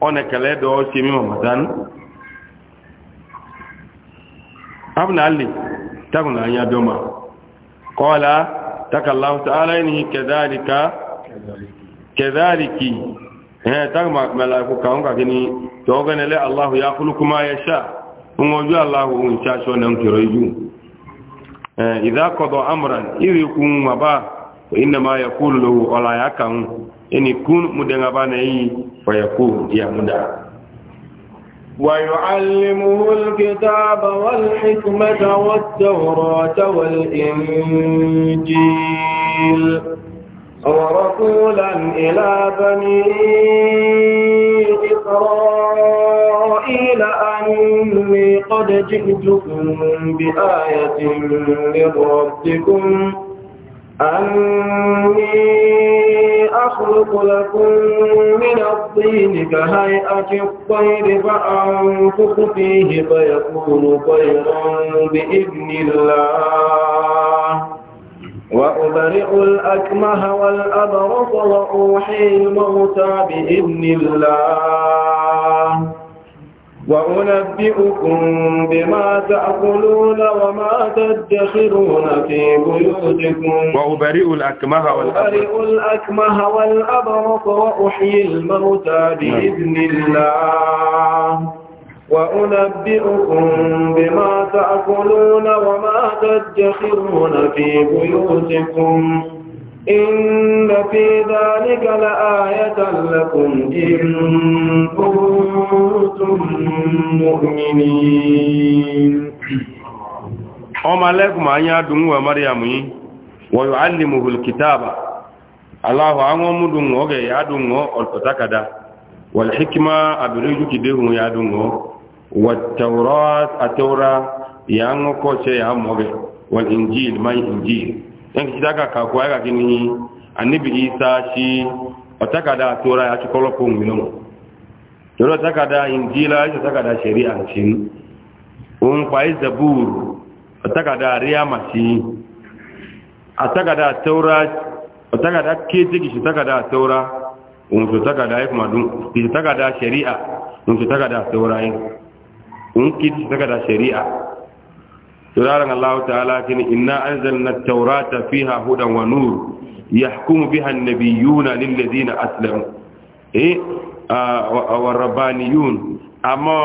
ona kalai da ose eme ma mutane abu na alle tabu na anya doma kola takallahu ta'ala inihi ke zarika ke zariki ya takama malakuka nwakini yau ganale Allah ya kulu kuma ya sha inwanzu Allah o n sha shi wa na nke rayu iza kogon amuran iri kun ma ba inda ma ya kulu olayaka ini kun mudenga bana yi fayakun ya muda ويعلمه الكتاب والحكمة والتوراة والإنجيل ورسولا إلى بني إسرائيل أني قد جئتكم بآية من ربكم أني أخلق لكم من الطين كهيئة الطير فأنفخ فيه فيكون طيرا بإذن الله وأبرئ الأكمه والأبرص وأوحي الموتى بإذن الله وأنبئكم بما تأكلون وما تدخرون في بيوتكم وأبرئ الأكمه والأبرص الأكمه وأحيي الموتى بإذن الله وأنبئكم بما تأكلون وما تدخرون في بيوتكم إن في ذلك لآية لكم إن كنتم مؤمنين ọmọ alẹ́kùnmọ̀ anyi adùnwà mariamu yìí wọ̀yọ̀ alìmùhùl kìtàbà aláhọ̀ àwọn ọmọdùnwà ọgẹ̀ yàdùnwà ọ̀tọ̀takada wàlìhíkímá àbìrìjú kìdéhùn yàdùnwà wàtàwòrán àtẹ́wòrán yà ń kọ́ yan kici daga kakuwa ya gini annabi isa shi a takada a tura ya ci kolokon minon yoro takada injila ya takada shari'a shi un kwai zabur a takada riyama shi da takada taura a takada kejiki shi takada taura un su takada ya kuma dun shi da shari'a un su takada taura yin un kici da shari'a تدارك الله تعالى كن إنا أنزلنا التوراة فيها هدى ونور يحكم بها النبيون للذين أسلموا إيه آه والربانيون أما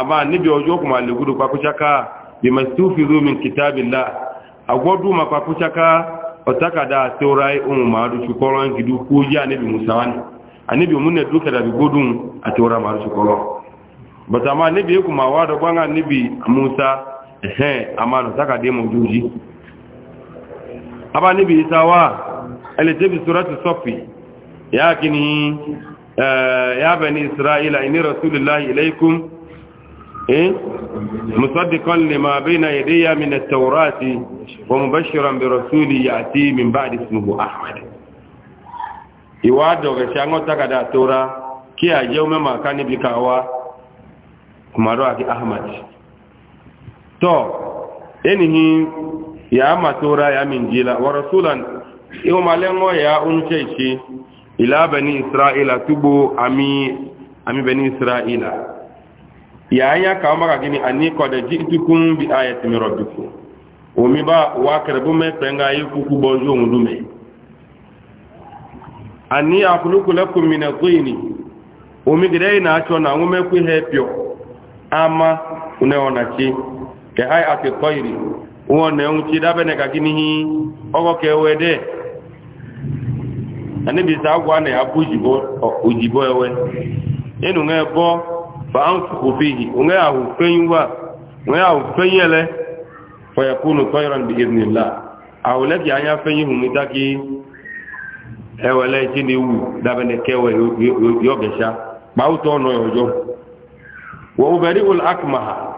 أما نبي وجوكم على قدو كاكوشاكا بما استوفذوا من كتاب الله أقودوا ما كاكوشاكا أتاكا دا توراي أم ما دو شكولون كدو كوجا نبي موسوان النبي من دوكا دا بقودون أتورا ما دو شكولون بس أما نبي يكما وادو بوانا نبي موسى ẹ̀hẹ́n àmànà sákàdé mọ̀ ojú jí abá níbi ìsáwà ẹlẹ́tẹ́bì sọ́rọ̀tì sọ́fì ya kì ní ẹ̀yàbẹ̀ ní isra'ila iní rasulillah ilaikum eh musaddiqan lima bayna yadayya min at-taurati wa mubashiran bi rasuli ya'ti min ba'di ismihi ahmad iwado ga shango takada tora ki to enihi ya matura ya min jila wa rasulan iwo malengo ya uncheichi ila bani israila tubu ami ami bani israila ya anya ka maka gini ani qad ji'tukum bi ayati min rabbikum omi ba wa karbu me penga yiku ku bonjo ngudume ani akhluqu lakum min at-tini omi gidai na acho na ngume ku hepyo ama unaona chi ke hay ake koyri wonne un dabe ne ka ginihi ogo ke wede ani bi ujibo ewe enu nge bo fa an fu fihi ahu feyin wa ahu feyele fa yakunu tayran bi awu anya ni dabe ne kewe yogesha ba uto yojo wa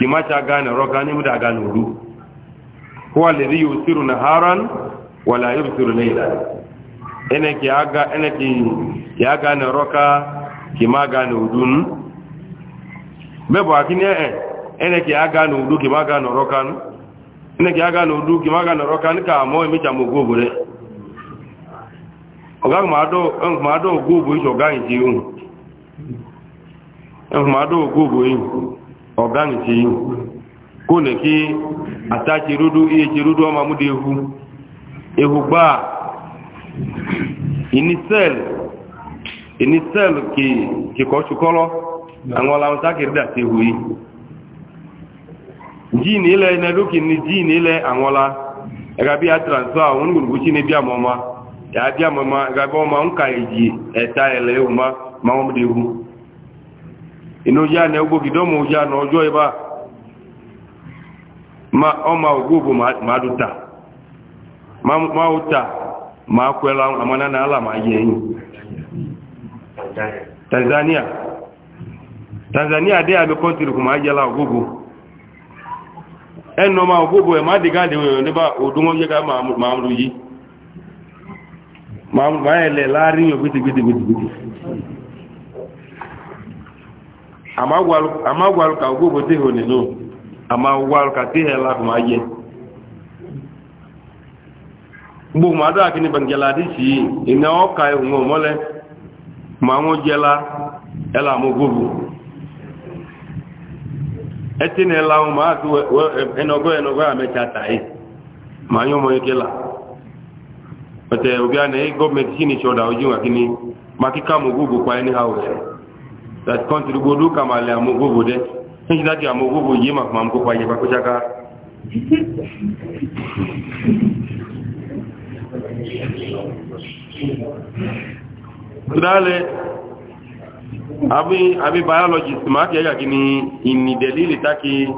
kimacha gane roka ni muda gane hudu huwa alladhi yusiru naharan wala yubsiru layla ene ki aga ene ki ya gane roka kima gane hudun bebo akini eh ene ki aga no hudu kima gane roka no ene ki aga no hudu kima gane roka ni ka mo mi cha mogogo re oga mado mado ogogo iso ga nji un mado ogogo yin ọ̀gáǹgì ṣe yìí kó nì ihe àtàṣe rúdú ehu ehu gbá ìní sẹ́ẹ̀lì ìní sẹ́ẹ̀lì kìkọ́ ṣùkọ́lọ́ àwọn ọlàwọn sákìrì dà sí ni a transfer àwọn onígbòǹgbò sí ní bí àmọ́ ka èjì ẹ̀ta inú já ní ogógi dọ́mù já ní ọjọ́ ibá ọmọ ogóòbò máa dúta máa ó ta máa kú ẹlá àmọ́ná náà là máa yẹ yìí tanzania tanzania dé àmì kọ́ntìrì kò máa jẹ́lá ogóòbò ẹnu e ọmọ ogóòbò ẹ̀ máa e dìgáàdì wọ̀nyọ̀ nípa òdúnwọ́n yẹ́ ká máa mú yìí máa ẹ̀lẹ̀ láàrin yóò gbítìgbítìgbítìgbítì ama gwalu ka ogo bo tehe oneno ama gwalu ka tehe la kuma ye gbogbo ma do akini bangela di si ina oka ehun omole ma won jela ela mo gbogbo eti na ela ma atu enogo enogo amecha tai e, ma yo mo ikela ote obi ana e government kini choda oju akini makika mo gbogbo pa anyhow that contribute go do kama le amu gogo de nji dati amu gogo yi mko kwa yi kwa chaka tudale abi abi biologist ma ke ya kini ini delili taki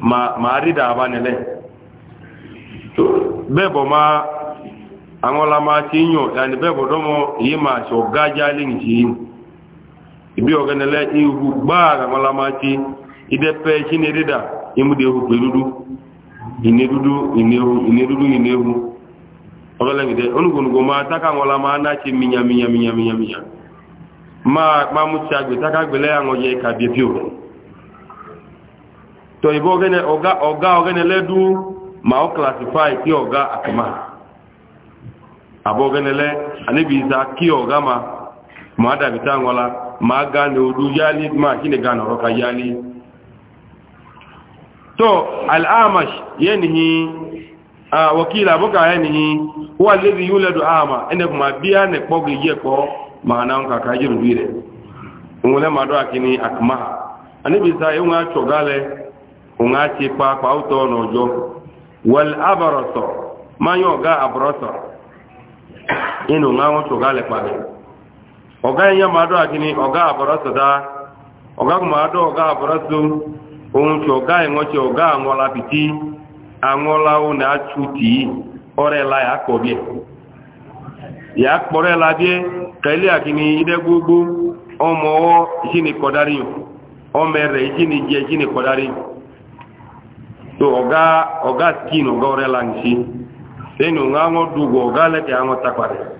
ma marida abanele to bebo ma àwọn la ma ti yan yani bebo domo yi ma so ibi ọ̀gẹ́nẹ̀lẹ́ ihu gbáàrà malamati idẹ́pẹ́ ṣínirida imúde ehu pé dúdú ìní dúdú ìní ehu ìní dúdú ìní ehu ọ̀gẹ́lẹ́gidẹ́ onugbonugbo máa tákà wọn máa ná ṣe minyaminyaminyaminya máa mú ti àgbẹ̀ tákà gbẹ̀lẹ́ àwọn yẹ kàbí pí o tọ́ ìbọ̀ ọ̀gá ọ̀gẹ́nẹ̀lẹ́ dú máa ọ́ classify kí ọ̀gá àkàmà àbọ̀ ọ̀gẹ́nẹ̀lẹ́ àníbi ìsà kí ọ̀gá ma máa dàbí táwọn la ma gane odu yali ma kine gane roka yali to al'amash yanihi a wakila buka yanihi huwa alladhi yuladu ama ene kuma biya ne pogi ye ko maana on kaka jiru bire ngule ma do akini akma anibi sa yunga e chogale unga ti kwa pa uto nojo wal abraso manyo ga abraso inu ngawo chogale pa ọ̀gá ẹ̀yàn máa dọ́ ní ọ̀gá àbọ̀rọ̀sọ̀dá ọ̀gá kò máa dọ́ ọ̀gá àbọ̀rọ̀sọ ohun tí ọ̀gá ẹ̀wọ̀n tí ọ̀gá àwọn ọlábìtì àwọn ọláwọ̀ náà tù tì í ọ̀rẹ́ la yà kọ̀ bíẹ̀ yà la bíẹ̀ kẹ́lẹ́ ilé gbogbo ọmọ ọwọ́ ọmọ rẹ̀ ìṣìní ọ̀gá ọ̀gá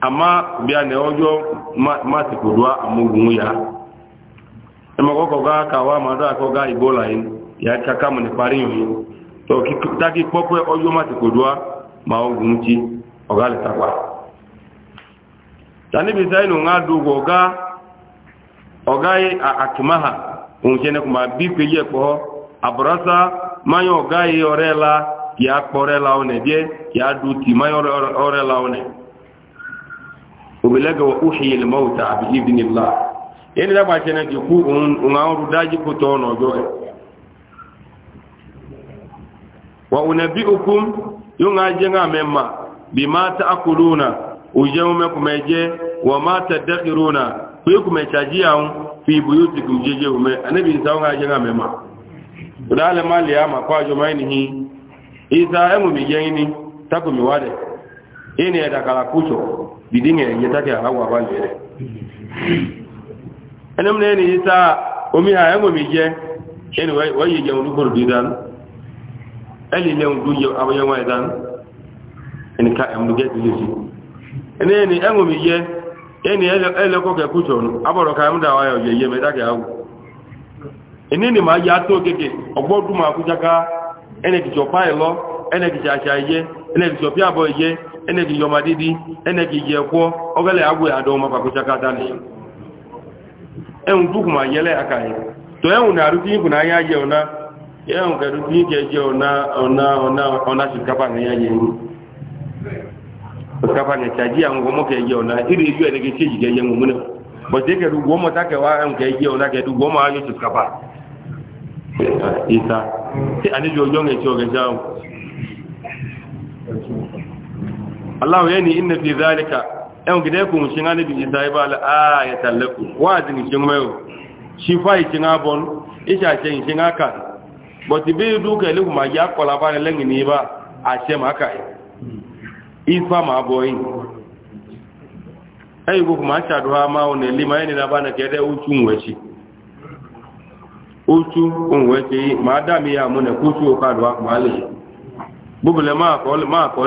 ama biya ne ojo ma ti kudua amugun ya ema koko ga kawa ma da ko ga ibola yin ya ta kamu ni pari yin to ki taki popo ojo ma ti kudua ma ogun ti oga le takwa tani bi sai no nga du go ga oga yi a akimaha un chene kuma bi pe ye ko abrasa mayo ga yi orela ya porela one die ya du ti mayo orela one obìlẹ́gà wọ òhìyè lèmọ́ta àbí ìbìnilá yẹni dágbà ṣe náà ti kú òun àwọn rúdájí kò tọ́ ọ̀nà ọjọ́ ẹ̀ wà òun ẹ̀bí okun yóò ń ajẹ́ ńà mẹ́mà bí máa ta akóló na òjẹun mẹ́kùnmẹ́ jẹ́ wà máa ta dẹ́kìrò na pé kùnmẹ́ ṣàjí àwọn fi ìbò yóò ti kù jẹjẹ òmẹ́ anábì ìsá ń ajẹ́ ńà mẹ́mà òdàlẹ̀ má lè àmà kó àjọ máa nìyí ìsá bidin ya yi take hawa ba ne ne anan ne ne ta omi ha yango mi je en wai wai je wani kurdi dan ali ne en ka am duge duje ji ne ne yango mi je en ne ele ko ke kuto nu aboro ka am da wa yo je me take hawo ene ni ma ya to keke ogbodu ma ku jaka ene ki jo pa ilo ene ki ja ja ye ene ki jo pi abo ye enegi yoma didi enegi yekwo ogale agwe ado ya pakucha kata ni en ma yele e ya to en na arụtụ ihu na yaje ọna en ka ruti ke je ọna ọna ọna ọna shikapa ne yaje ya shikapa chaji ya ke je ona iri ju enegi chiji ke je ngumune bo te ke du gomo ta ke wa en ke shikapa Allah ya ni inna fi zalika ɗan e gida ku mushin anabi isa ya ba la ayatan lakum wa azin shin mayo shi fa shin abon isha shin shin aka but be du ka lu ma ya kola ba ne lengi ni ba a she ma ka e. ifa ma boyin ai e go kuma ma won ne lima na ba na ke uchu nwechi uchu nwechi ma da mi ya mu ne kuchu ka duha ma le ma ko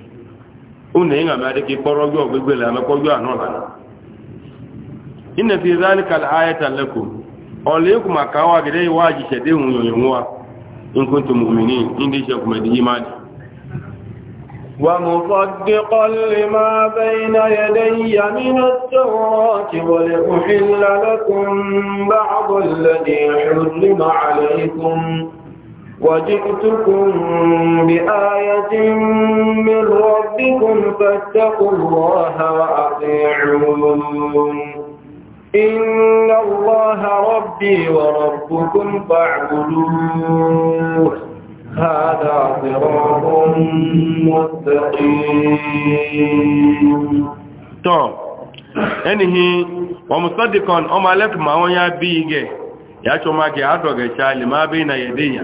una yin amade ki kpɔrɔ yɔ gbegbe la amekɔ yɔ anɔ la ina fi zali kal ayata lakum ɔle kuma kawa gɛdɛ waa jisɛ de ŋun yɔnyɔ ŋua in kuntum mu'minin in de sɛ kuma di imani. ومصدقا لما بين يدي من التوراة ولأحل لكم بعض الذي حرم عليكم wa ehe oodkon ọmalepe ya chioma gị agocheli bena yadeya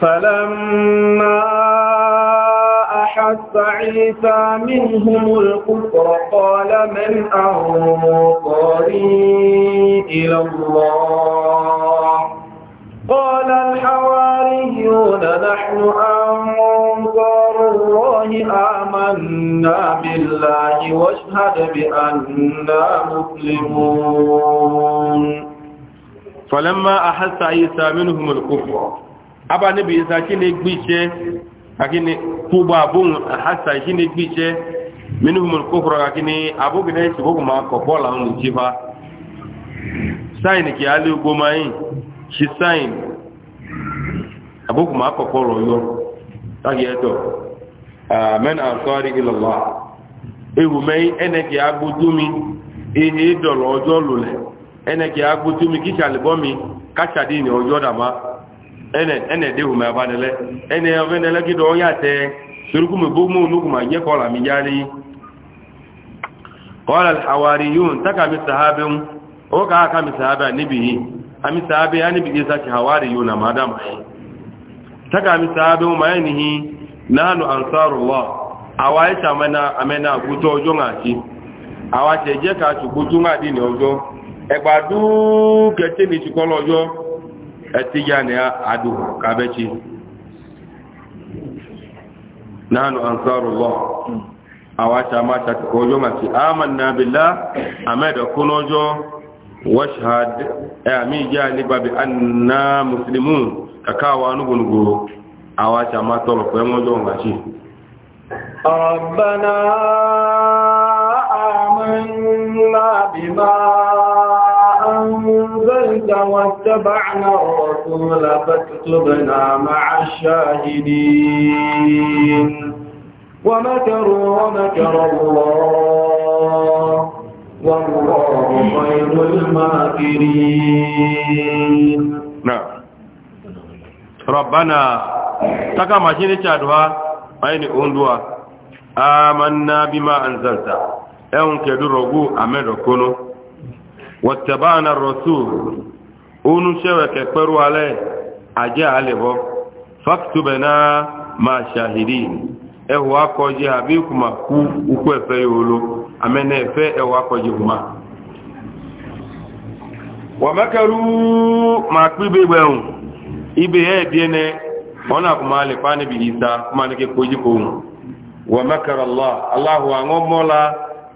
فلما أحس عيسى منهم الكفر قال من أنصاري إلى الله قال الحواريون نحن أنصار الله آمنا بالله واشهد بأننا مسلمون فلما أحس عيسى منهم الكفر aba níbi isa kí ni gbí iṣẹ́ kakini kúgbà abúhùn hasan kí ni gbí iṣẹ́ minimum kókòrò kakini abúgbìnà ìṣòkòkò máa kọ̀ bọ́ọ̀lù àwọn olùjífa sáìn kì á lé ogbó máa yìn ṣe sáìn abúgbìnà àkọ́kọ́ rọ̀ yọ táàgì ẹ̀tọ́ amen ansori ilọ̀lá ewu mẹ́yìn ẹnẹ́kì agbójúmi ene ene dewu ma ba dele ene ove ne leki do ya te suruku mu mo nu nuku ma ye kola mi jali qala al hawariyun taka mi sahabin o ka ka mi sahaba a ami sahabi ani bi isa ki hawariyun ma da mai taka mi sahabe sahabi ma yanihi nanu ansarullah awai tamana amena guto ojo ngati awa teje ka tugutu ngadi ni ojo egbadu kete ni ti kolo ojo ẹtíjà ni àdù kàbẹ́chí nánú ansarullah àwáṣà máa ṣàtìkọ ọjọ́ màtí àmàna bílá àmẹ́dọ̀kún ọjọ́ washhad ẹ̀mí ìjá ní bàbí anna muslimun kàkàwà nùgbùnùgbò àwáṣà máa tọ́lọ̀ pẹ́ mọ́jọ́ màtí ربنا آمنا بما أنزلت واتبعنا الرسول فاكتبنا مع الشاهدين ومكروا ومكر الله والله خير الماكرين نعم ربنا تكما شيني شادوا أين أندوا آمنا بما أنزلت أنك درغو أمدكونو wattabana rasul onu sewe ke peru ale aje ale bo ma shahidin ehu akoje abi kuma ku efe yolo amene efe ehu akoje kuma wa makaru ma kwibe ibe ye diene isa kuma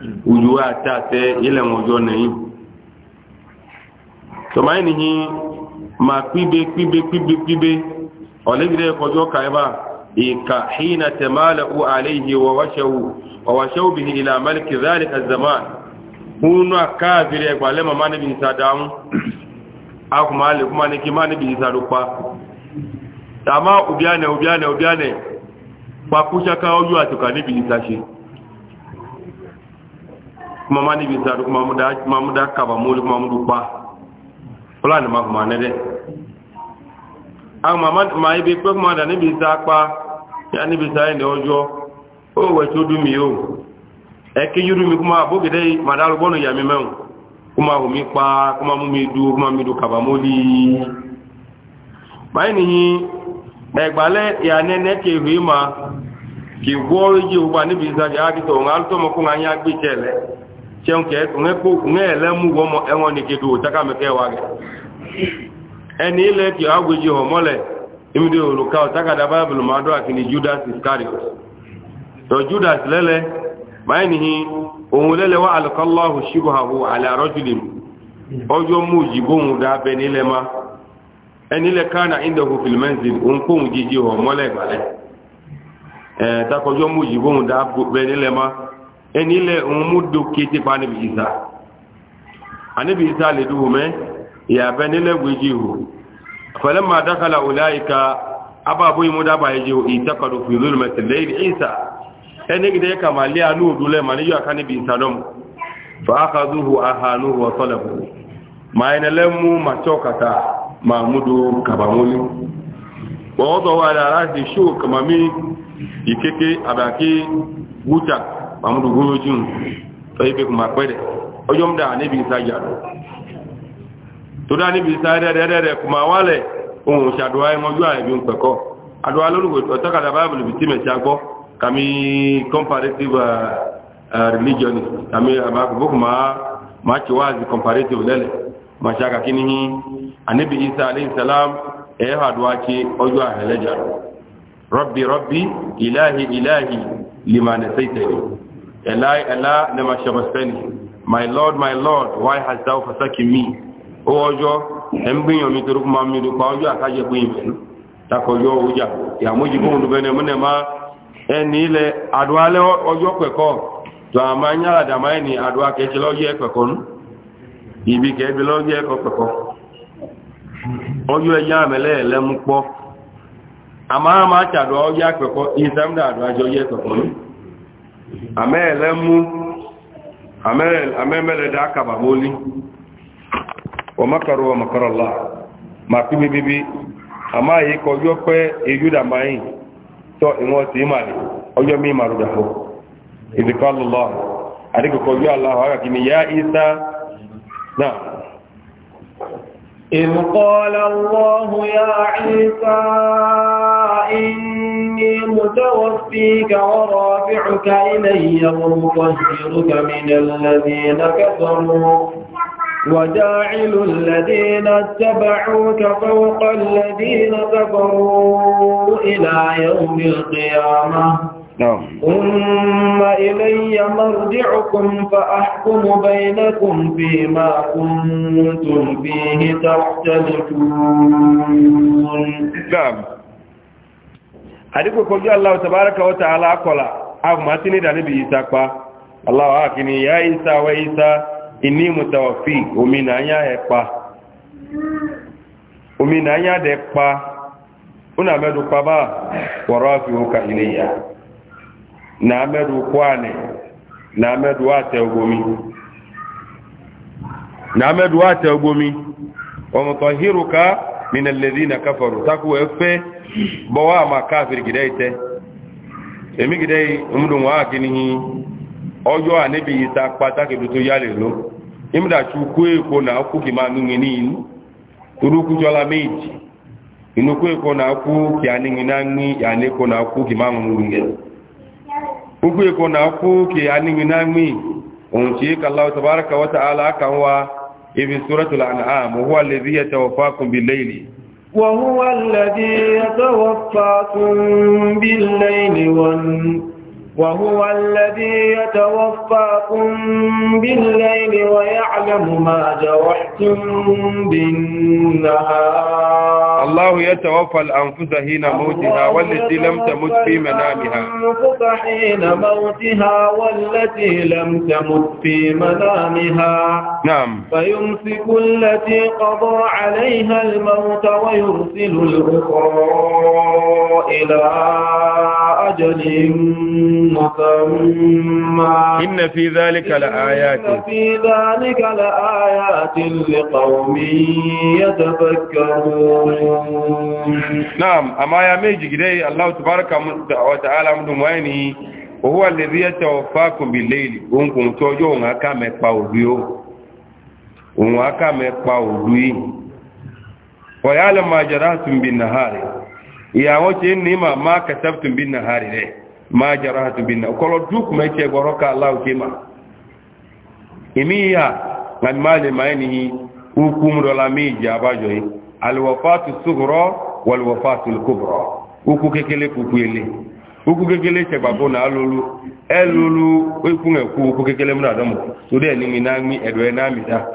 ojú wa ta tẹ ilẹ̀ wọn ọjọ́ nẹ̀yìn tọ́mọ yìí nìyí ma píbe píbe píbe píbe ọ̀lẹ́gidẹ́ kọjọ́ kàíbà ìka hìnà tẹ̀málẹ̀ ó àlẹ́yìí wọ̀wọ̀ṣẹ́wò bìí ilà mẹ́lìkì záàlì kàzàmà húnú àkáàbìrì ẹgbàlẹ́ màmá níbi ìsàdáhùn akùnmá lè kúmá ní kí má níbi ìsàdópa tàmá òbíánẹ̀ òbíánẹ̀ kuma ma nibi sadu kuma mu da kuma mu da kaba mu kuma mu dupa fulani ma kuma ne de an ma ma ma ibi pe kuma da nibi sa pa ya nibi sa inde ojo o we to du mi o e ki yuru mi kuma bo gede ma da rubonu ya mi meun kuma ho mi pa kuma mu mi du kuma mi du kaba mo li bayi ni egbale ya ne ne ke wi ma ki gwo ji o ba nibi sa ja ki to ngal to mo ku nga cɛn kɛ ŋɛ ko ŋɛ yɛlɛ mu wɔ mɔ ɛŋɔ ni ke do o taka mɛ kɛ wa kɛ ɛni ilɛ ti agbeji hɔ mɔ lɛ imi o taka da baibulu ma do akini judas tɔ judas hi wa alikɔlɔhu shibuhahu ali arɔjulim ɔjɔ mu da bɛ ni lɛ ma kana ko jiji hɔ gbalɛ ɛɛ takɔjɔ mu ẹni ilẹ̀ òun mú do kété pa níbi ìsà àníbi ìsà lè dúró mẹ́ ìyàbẹ́ nílẹ̀ gbèjì ihò fẹ̀lẹ́ máa dákàlà òláìka abáàbò yìí mú dábà ẹjẹ ìtàkàdù fìlú mẹ́tẹ̀lẹ́ ìsà ẹni gidẹ́ ka máa lé àánú òdúlẹ̀ mà níjọ́ àká níbi ìsà dọ́mù fàákàdúhù àhánú wọ́tọ́lẹ̀kù máa ẹni lẹ́ mú màtsọ́ kàtà máa mú do kàbàmúlé wọ́n tọ́ wà láti ṣó kàmàmí ìkéké àbàkí wúta mamudu goyo jin sai be kuma kwede ojom da ne bi saja to da ne bi saja da da da kuma wale ohun shaduwa e moju a bi npeko aduwa lolu comparative uh, uh, religion kami abaku bukuma ma ci comparative lele ma shaka kini anabi isa alayhi salam e eh, haduwa ci oju oh, a heleja rabbi rabbi ilahi ilahi lima nasaitani Eli, Eli, lema shabastani. My Lord, my Lord, why hast thou forsaken me? O ọjọ́, ẹ ń gbìyàn mi torí kúmọ̀ mi lùpa ọjọ́ àkájẹ pé ìbẹ̀ takọjọ́ ọjà. Ìyàmú jì fún olùbẹ̀nẹ̀ múnẹ̀ máa ẹni ilẹ̀ àdúwálẹ́ ọjọ́ pẹ̀kọ́. Tò àmà ń yára dàmá ẹni àdúwà kẹ́kẹ́ lọ́jọ́ lo nú. Ìbí kẹ́bí lọ́jọ́ ẹ̀kọ́ pẹ̀kọ́. Ọjọ́ ẹja Ama ama amẹ́rẹ̀ da aka ba moli wa makaru wa ma fi bibibi a máa yí kọ yọ pé èyí máa yìí tọ́ ìwọ̀n tí ma rí ọjọ́ mí ma rúdà fún ìdíkọ́lùlọ́ àdíkọ̀kọ̀ yọ aláwọ̀ ara kìí yá ìsá náà إذ قال الله يا عيسى إني متوفيك ورافعك إلي ومطهرك من الذين كفروا وجاعل الذين اتبعوك فوق الذين كفروا إلى يوم القيامة نعم. ثم إلي مرجعكم فأحكم بينكم فيما كنتم فيه تختلفون نعم àdíkò kọjú aláwọ̀ tàbárakà wata alákọ̀lá agbà tí ní dàníbi isa pa aláwọ̀ akini ya isa wa isa iní mutawafi ominanya ẹ pa ominanya dẹ pa una mẹ́dù pa bá wọ̀rọ̀ fi ó ilé ya na mẹ́dù kwane na mẹ́dù àtẹ ogomi na mẹ́dù àtẹ ogomi ọmọkọ̀ hírùka minalèdí na kafaru takú ẹ fẹ́ bawa ma kafir gidai te emi gidai umdun wa kinihi ojo anabi isa pataki bi to yale lo imda chu ku eko na ku ki ma nu ngini turu ku jola meji inu ku eko na ku ki aningi na ngi ya ne ko na ku ki ma mu ngi ku na ku ki aningi na ngi on ti ka allah tabaaraka ta'ala kan wa ibi suratul an'am huwa alladhi yatawaffakum bil-layli وهو الذي يتوفاكم بالليل والنهار وهو الذي يتوفاكم بالليل ويعلم ما جرحتم بالنهار الله يتوفى الأنفس حين موتها والتي لم تمت في منامها الأنفس حين موتها والتي لم تمت في منامها نعم فيمسك التي قضى عليها الموت ويرسل الأخرى إلى أجل مسمى إن في ذلك لآيات إن في ذلك لآيات لقوم يتفكرون نعم أما يميجي كده الله تبارك وتعالى من وينه وهو الذي يتوفاكم بالليل ونكم توجون هكا مكباوديو ونكا مكباوديو ويعلم ما جراتم بالنهار يا وجه إنما ما كسبتم بالنهار ليه ma jarahatu binna kolo duk ma ce goro ka Allah ke ma imiya ngan male ma ni hukum do la mi ja ba joyi al wafatu sughra wal wafatu al kubra uku kekele ku kwele uku kekele ce babo na alulu elulu uku nge ku uku kekele mu na damu to de ni mina mi edo na mi da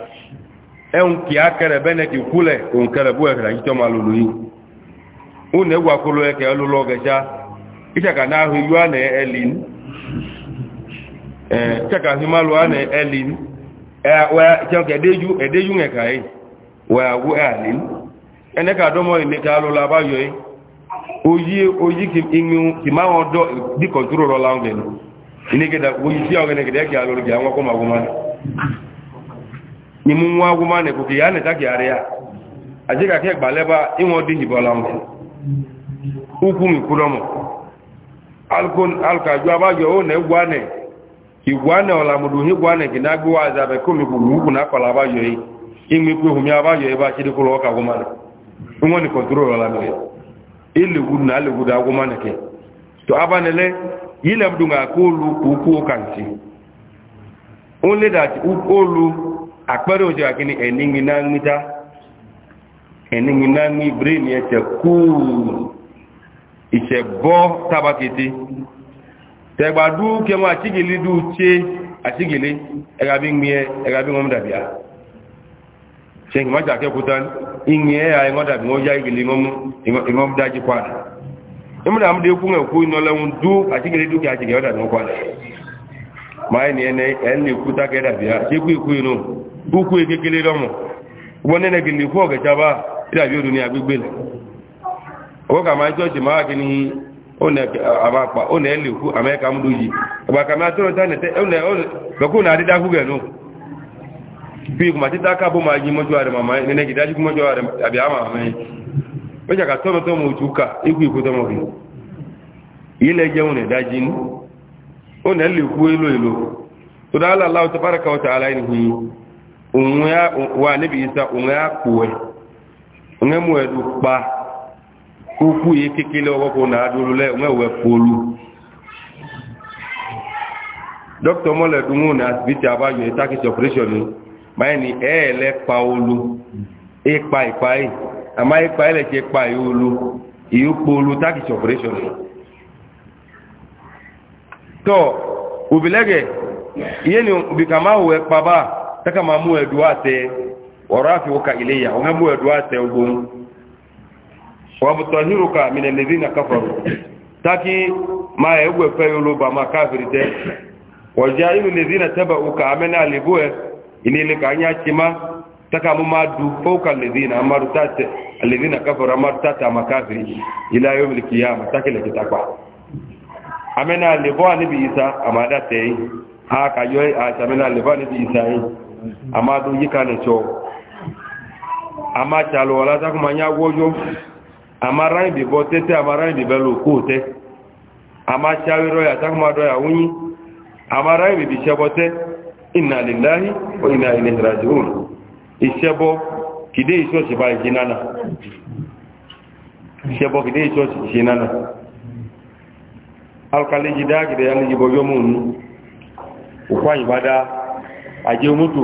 en ki akere bene ki kule on kere bu e ra jito ma lulu yi un ne gwa kulu e ke alulu ge ja ichaka na ahụ ilu a na-elin eh, ichaka ahụ imalu a na-elin ichaka eh, edeju edeju eh, nwe ka yi wee agwụ elin ene ka adọmọghị ne ka alụla abayọ oyi oyi kima ahụ dọ dị kọntụrụ rọla ahụ gịnị inegede oyi si ahụ gịnị gịdị ka alụrụ gị anwakọ ma agwụma n'imu nwa agwụma na ekwuke ya na-eta ka arịa ajị ka ka ịgbaleba ịnwụ dị njibola ahụ ukwu mi ọmụ alkàjọ abájọ ó nẹ́ gbánẹ̀ ìgbánẹ̀ ọ̀làmùdù ní gbánẹ̀ kì náà gbíwá àzàbẹ̀ kó mi kò wúkù náà kọ̀lá abájọ yìí ìmú ipò ìhùmí abájọ yìí bá ṣe dékúrò ọkà gómànà wọ́n ni kọ̀túrò ọ̀làmùdù ìlèwúdù náà lèwúdù agómànà kẹ tó abánilẹ́ yílẹ̀ mdùn àkóòlù kúkú kàǹtì ó lé dàtí kóòlù àpẹẹrẹ òjò àkíní ẹ̀nìyàn náà ń mítá ìṣẹ̀bọ́ tábàkété tẹgbàdú kẹmọ àtígèlé dú ṣe àtígèlé ẹgbàbí ń gbìyẹ ẹgbàbí wọn dàbíà ṣẹ̀kì má jàkẹ́kúta ìgbìyẹ àìwọ́n dàbí wọ́n já ìgbèlé ìwọ́n dájí padà ìmúdà àmúdé kún ẹ̀kú iná lẹ́hun dú àtígèlé dúkẹ́ àtígèlé ọ̀dà wọn padà máa ní ẹni ẹni ikú tákẹ́ dàbíà ṣé kú ikú inú kú oka ka jọji ma gị n'ihi ọ na-ele ukwu amaka mdụ ma atụrụ ta nete bekwu na adịda ahụ genu bik ma aka bụ ma ji mọjụgharị ma ma nene gị dajikwu mọjụgharị abịa ma ama mecha ka tọmọ tọmọ otu ụka ikwu ikwu gị ile je na-ele ukwu elu elu tụda ala ala ụtabara ka ụta gị ihe onwe ya wa ukwu yi kekele ọgbọkọ na adolule nwewe polu dr moledunwu na asibiti abayo itakiti operation ni maye ni ẹẹlẹ pa olu ipa ipai ama ipa ẹlẹkẹ pa iolu iyu polu takiti operation ni tọ iye ni obika ma wo ẹpa ba taka ma mu ẹdu atẹ ọrọ afi wo ka ile ya ọmọ mu ẹdu wabutahiruka min na kafaru taki ma yegwe fayulu ba ma kafiri de wajailu alladhina tabauka amena alibwe inile kanya chima taka mumadu fauka alladhina amarutate alladhina kafaru amarutata makafiri ila yawm alqiyamah taki le kitakwa amena alibwa ni bi isa amada tei ha ka yo a amena alibwa ni bi isa yi amadu yikane cho ama chalo wala takuma nyagojo amara ibi bọ tẹtẹ amara ibi bẹ lóko tẹ ama ṣawirọ ya takumadọ ya wunyi amara ina lilahi o ina ilẹ rajun ìṣẹbọ kìdé ìṣọṣì bá ìṣe nánà ìṣẹbọ kìdé ìṣọṣì ìṣe nánà alkaleji dáàgìdẹ alẹjibọ yọmọ nù òkú àyìnbá dá àjẹ mọtò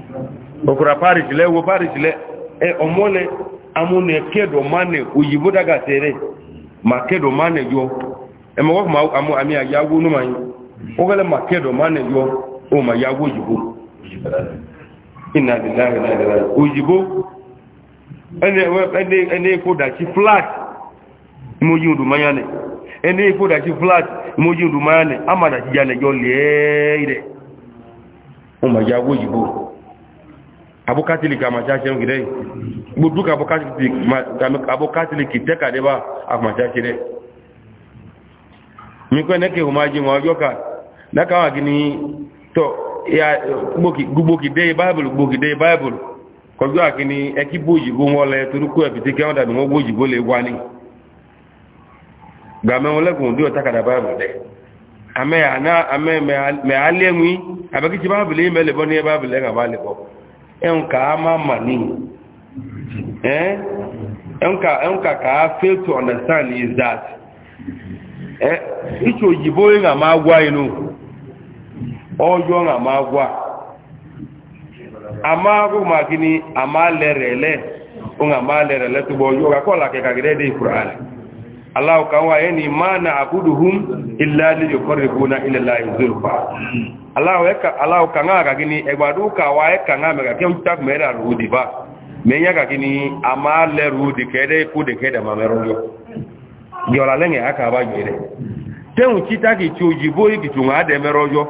okura parish le wo parish le e omole amune kedo mane uyibo daga tere ma kedo mane yo e mo ma amu ami ayawo no man o gele ma kedo mane yo o ma yawo yibo inna lillahi wa inna ilaihi raji'un uyibo ene ene ene ko da chi flat mo yundu mayane ene ko da chi flat mo yundu mayane amada le ire o ma yawo yibo abokatili kama chache ngire buduka abokatili abokatili teka deba akuma chache de mikwe neke umaji mwajoka naka wagini to ya gboki gboki de bible gboki de bible kojo akini ekibuji gumole turuku ebitike onda mi gboji gole wani gbàmẹ wọn lẹkùn òdí ọtá kàdà báàbù dẹ àmẹ àná àmẹ mẹ alẹ mú abẹkìtì báàbù lẹyìn mẹlẹbọ ní ẹ báàbù lẹyìn àbá lẹbọ ẹnkà ama mani eh ẹnkà ẹnkà ka fail to understand is that eh ichi oyibo nga ma gwa inu ojo nga ma gwa ama go ma kini ama lerele nga ma lerele to bo yo ka kola ke ka gede di qur'an Allah kan waye ni ma na abuduhum illa li yuqarribuna ila Allah zulfa Allah yaka Allah kan ga gini egbadu ka waye kan ga mega kem tak mera rudi ba me ya ga gini amale rudi kede ku de lenge aka ba gere tenu chita ki chuji boy bitunga de mero yo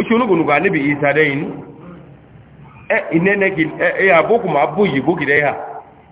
ni bi isa dein e inene ki e, e aboku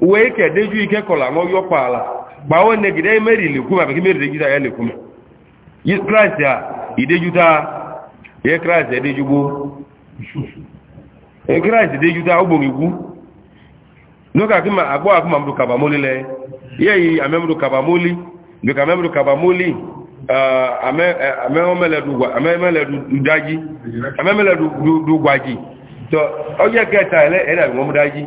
wee ke deju ike kọla nwa ala gbawo negide emeri lekwu ma bagi merire gida ya lekwu ma yi kraịst ya idejuta ye kraịst edejugbo ye kraịst dejuta ugboro igwu n'oge akụ ma agbọ akụ ma mbụ kabamoli le ye yi amemru kabamoli kabamoli amemeledu oye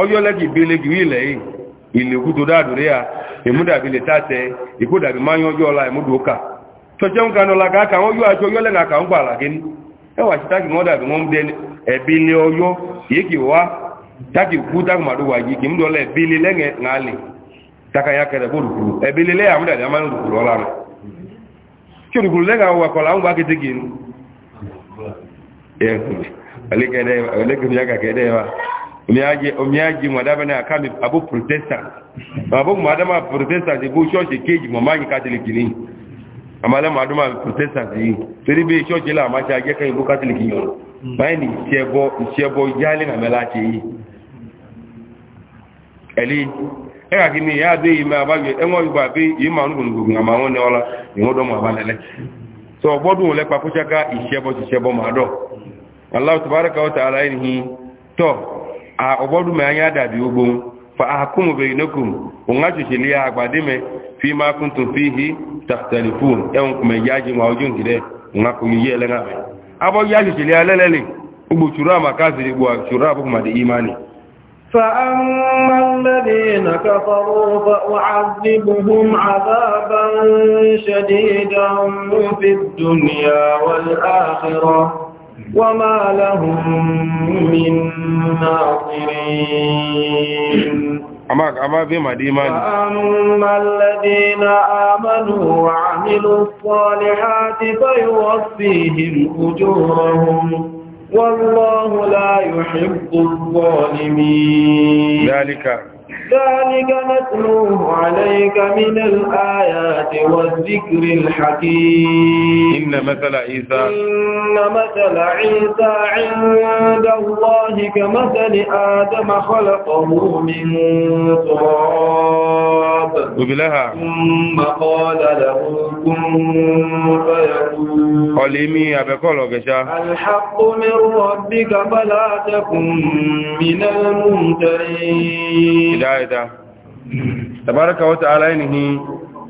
ọyọ́lẹ́gì belegi ilẹ̀ yìí ìlèkú tó dáàdùrí à ìmúdàbí lè tàtẹ ìkódàbí máa yánjọ́ ọlá ìmúdòókà tọ́jẹ́ ń kanọ́ lága aka wọ́n yóò àjọ yọ́lẹ̀ nà kàún gbà làgé ní ẹwà sí táàkì wọ́n dàbí wọ́n dẹ ẹ̀bí ilé ọyọ́ yéèkì wá táàkì kú táàkì màdúwà yìí kì í dọ́lẹ̀ ẹ̀bí ilé lẹ́gẹ̀ ńlẹ̀ takaya kẹrẹ kó dùkúrú ẹ̀bí ilé lẹ́yà àmúdàbí omiyaji omiyaji mwadabe na akami abu protestant abu mwadama protestant ibu church keji mwamaji catholic ni amala mwadama protestant yi tori bi church la amacha aje kan ibu catholic yon bayi ni chebo chebo jali na melache yi eli eka kini ya be yi ma abaje enwo yu babe yi ma nugun gugun ama won ne ola iwo do mo abalele so bodun le papo chaka isebo ti sebo ma do allah tbaraka wa taala inhi to a ụgbọdụ ma anya dabi ugbo fa ahkum bainakum unga chuchili ya agbadime fi ma kuntum fihi tahtalifun en kuma aji ma ojun gide unga ku yi ele ya chuchili ya lelele ugbo kaziri imani فأما الذين كفروا فأعذبهم عذابا شديدا في الدنيا والآخرة وما لهم من ناصرين فأما الذين آمنوا وعملوا الصالحات فيوفيهم أجورهم والله لا يحب الظالمين ذلك ذلك نتلوه عليك من الآيات والذكر الحكيم إن مثل عيسى إن مثل عيسى عند الله كمثل آدم خلقه من تراب وبلها ثم قال له كن فيكون علمي أبقول وكشا الحق من ربك فلا تكن من الممترين hidayata tabaraka wa ta'ala yanihi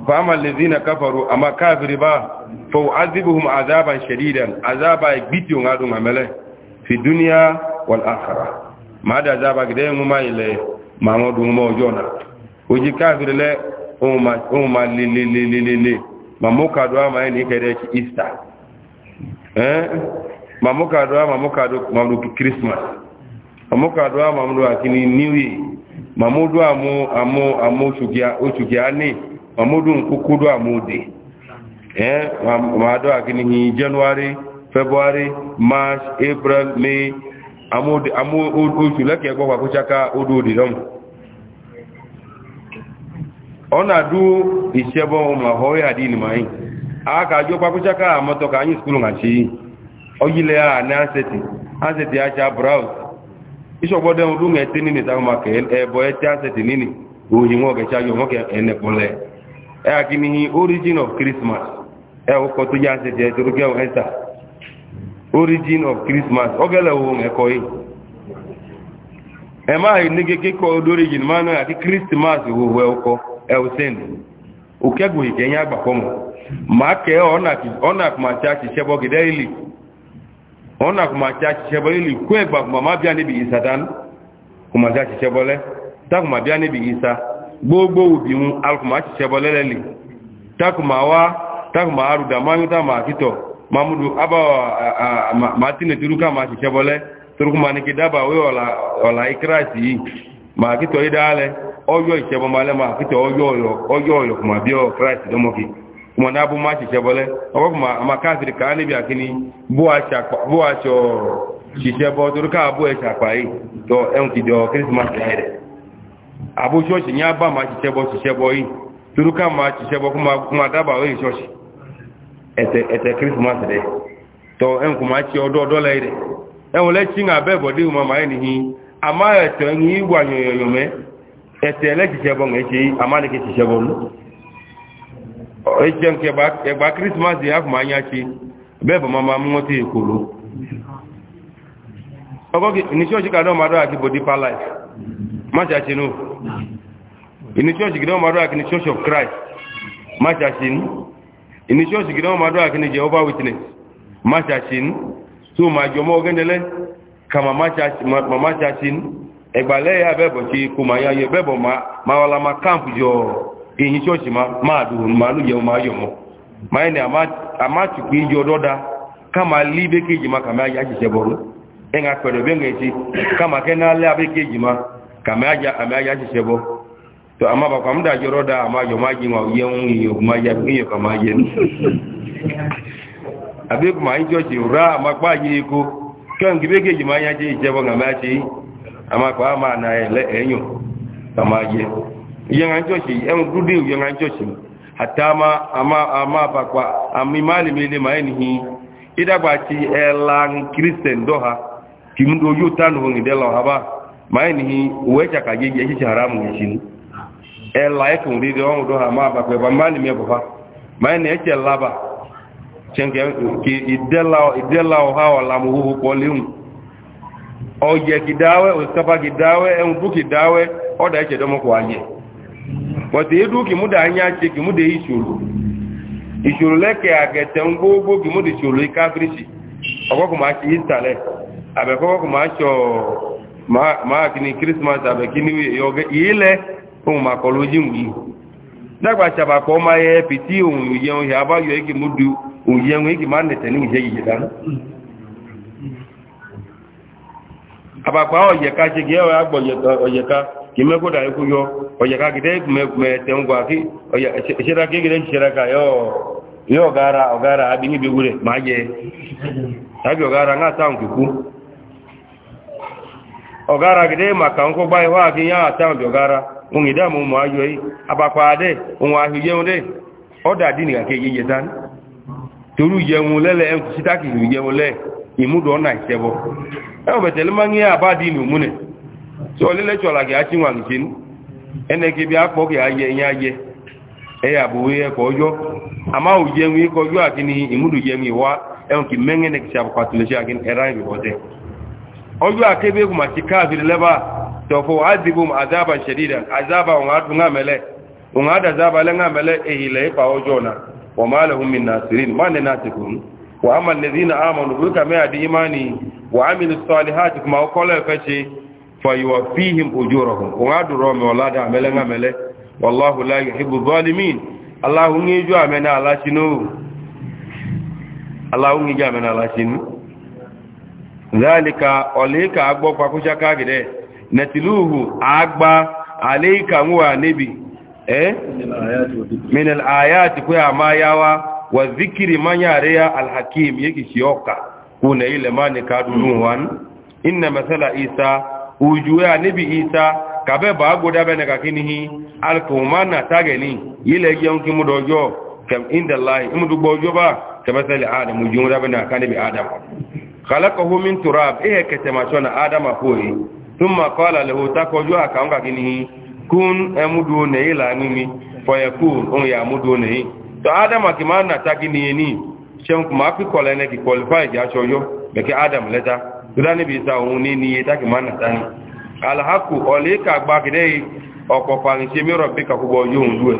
fa amal ladhina kafaru amma kafiri ba fa u'adhibuhum azaban shadidan azaba gbitiyun adu mamele fi dunya wal akhirah ma da azaba gidayen mu mai le ma won dun mo jona oji kafiri le o ma o ma le le le le le ma mo ka do ma ni kede ki easter eh ma mo ka do ma mo ka do ma do christmas ma mo do ma mo do akini new year mamudu amu amu amu sugia usugiani mamudu nkukudu amudi eh maado akini hi january february march april may amudi amu usu leke kwa kuchaka ududi dom ona du isebo mahoye adini mai aka jo kwa kuchaka amoto kanyi skulu ngachi oyile a na aseti aseti acha browse iṣọ́gbọ́dẹ́ ọdún ẹ̀tẹ́ nínú ìtàkùnmà ẹ̀bọ̀ ẹ̀tẹ́ àṣẹ̀tì nínú òyìn wọn kẹ̀ṣẹ́ ayọ̀ wọn kẹ̀ ẹ̀nẹ̀pọ̀lẹ̀ ẹ̀ àkí ni e e origin of christmas ẹ̀ ọkọ̀ tó yá àṣẹ̀tì ẹ̀ torókẹ́ ẹ̀ta origin of christmas ọgẹ́lẹ̀ ohun ẹ̀kọ́ yìí ẹ̀ máa ní kékeré kọ́ origin máa náà àti christmas òwò ẹ̀kọ́ ẹ̀wọ̀sẹ̀n òkẹ́gùn ìkẹyìn àgbàkọ́mọ̀ máa kẹ́ ọ̀nà àkùnmàṣẹ́ àṣìṣẹ́bọ́gidẹ́rìlì ona kuma cha chebole li kwe gba kuma ma bia ni bi isa dan kuma cha chebole ta kuma bia ni bi isa gbogbo obi mu al kuma cha chebole le li ta kuma wa ta kuma aru da ma ta ma kito mamudu aba ma tine turuka ma cha chebole turu kuma ni kidaba we ola ola ikrasi ma kito idale oyo ichebo male ma kito oyo oyo oyo kuma bio christ domoki mọ na abụma achịcha bọle ọgbọpụ ma ka a na-ebi a bụ achọ chiche ka abụọ eche akpa yi tọ enwetide ọ krismas ahịrị abụ chọọchị nye aba ma chiche chiche yi ka ma chiche chọọchị ete krismas e nga ma e ama eto ihe igwe anyọnyọnyọ mee ete chiche ama na chiche lu. ojjan ke ba e ba christmas ya fu manya chi be ba mama mwoti ikulu ogo ni church ka do maro aki body pa life ma cha chi nu ni church ki do maro aki ni church of christ ma cha chi nu ni church ki do maro aki ni jehovah witness ma cha chi nu so ma jo mo gendele kama ma cha ma ma cha chi nu egbale ya be bo chi ku ma ya ye be bo ma ma wala ma camp jo èyí ṣọ́ọ̀ṣì máa dùn máa ló yẹun máa yọ̀mọ́ máa ní àmátùkú ìjọ ọdọ́dá ká máa lé békèjì máa kàmí ayé àṣìṣẹ́ bọ̀rú ẹ̀yà pẹ̀lú bẹ́ẹ̀ ti ká máa kẹ́ náà lé abékèjì máa kàmí ayé àṣìṣẹ́ bọ̀ tó àmá bàbá mú dájọ́ ọdọ́dá àmá yọ máa yẹun yẹun ìyọ̀kùn máa yẹ ìyọ̀kà máa yẹ ní yanga joshi en dudu yanga joshi hatta ma ama ama bakwa ami malimi le mai ni ida ba ti elan kristen doha kimdo yutan ho ni dela haba mai ni wecha ka gege shi haramu shi ela ekun ri de on doha ma bakwa ba mani me bofa mai ni eche laba chenge ki idela idela ha wala mu hu ko leun oje kidawe ustaba kidawe en buki oda eche domo ko aye bọ̀tí edu kì múdà ányá ṣe kì múdà ìṣòro ìṣòro lẹ́kẹ̀ẹ́ àgẹ̀tẹ̀ ń gbogbo kì múdà ìṣòro ìkáfíríṣì ọkọ̀kọ̀ máa ṣe ìtàlẹ̀ àbẹ̀kọ́kọ̀ máa ṣọ máa kì ní christmas àbẹ̀kí ní ilẹ̀ ohun màkọlù ọ̀yẹ̀ká ṣe gẹ́ ọ̀yẹ̀ká kimeko da yuko yo oya ka gide me me tengwa ki oya shira ki gide shira ka yo yo gara ogara abi ni bi gure maje abi ogara nga ta o gara gide maka nko yi wa ki ya ta bi gara ungi da mu mu ayo yi abakwa de unwa hu ye unde oda dini ka ke ye tan toru ye mu lele en sita ki ye mu le imudo na isebo e o betele mangi abadi ni umune tí ọ lílẹ̀ tsọ̀ làgẹ̀ àti wọn àgùtì ní ẹnẹ́kẹ́ bí akpọ̀ kẹ́ ayẹ ẹ̀yẹ ayẹ ẹ̀yẹ àbòwé ẹ̀kọ́ ọjọ́ àmà ò jẹun yìí kọjú àti ní ìmúdù jẹun yìí wá ẹ̀hùn kì mẹ́ngẹ́ ní kìsà àbùkù àtìlẹ́sẹ̀ àgẹ́ ẹ̀rá ìbí ọ̀tẹ́ ọjọ́ àkébé kùmà sí káàfin lẹ́bà tọ̀fọ̀ àdìbò àzába ṣẹ̀dídà àzába òun àdùn àmẹ́lẹ̀ òun àdàzába lẹ́ngàmẹ́lẹ̀ èhìlẹ̀ ipa ọjọ́ náà wọ́n máa lẹ́hùn mi náà sírí má ní náà ti kùn wọ́n á mọ̀ lẹ́dínà àmọ̀ nùgbẹ́kàmẹ́ àdìyí má ní wọ́n á mi ní sọ́ọ́lì háàtì kùmà ọkọ́lẹ̀ fẹ́ ṣe فيوفيهم أجورهم وعد رومي ولا دعمل نعمل والله لا يحب الظالمين الله نجو عمنا على شنو الله نجو عمنا على شنو ذلك عليك أكبر فاكوشا كاكده نتلوه أكبر عليك هو نبي eh min al-ayat kuya ma yawa wa dhikri man yariya al-hakim yake shiyoka kuna ile mani kadulun wan inna mathala isa ujuwe anibi isa kabe ba goda bene kakini hi alkumana tageni yile gion ki mudojo kam inda allah imudu bojo ba tabasali adam ujuwe da bene kakani bi adam khalaqahu min turab ihe ketema chona adam afoi thumma qala lahu takojo akaunga kini hi kun emudu ne ila ngini fayakun on qualify ja choyo beke adam leta tudani bi sa ohun ni ni taki mana tani alhaku olika gba kide opo pan se mi robbi ka kubo yohun duwe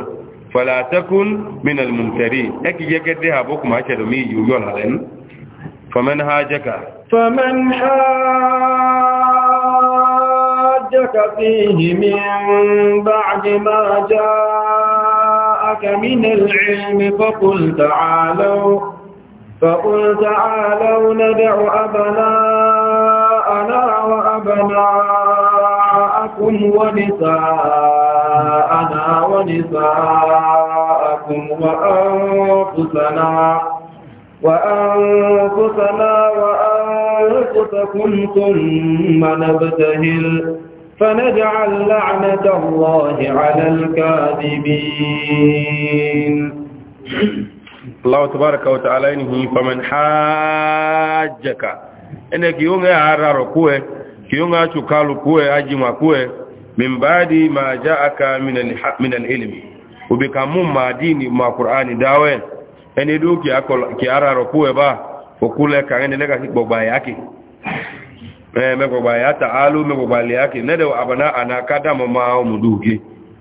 fala takun min almumtari eki yegede ha boku ma chedo mi yu yo la len faman hajaka faman hajaka fihi min ba'd ma فقل تعالوا ندع أبناءنا آباءنا وأبناءكم ونساءنا ونساءكم وأنفسنا وأنفسنا وأنفسكم ثم نبتهل فنجعل لعنة الله على الكاذبين الله تبارك وتعالى فمن حاجك ene kiunge araro kuwe kiunga chukalu kuwe ajima kuwe mimbadi ma jaaka min alilmi ubikamu madini ma qur'ani dawe ene duki akol ki araro kuwe ba okule kangene leka gbogba yake eh me gbogba ya taalu me gbogba yake nede abana anakada mo ma omuduki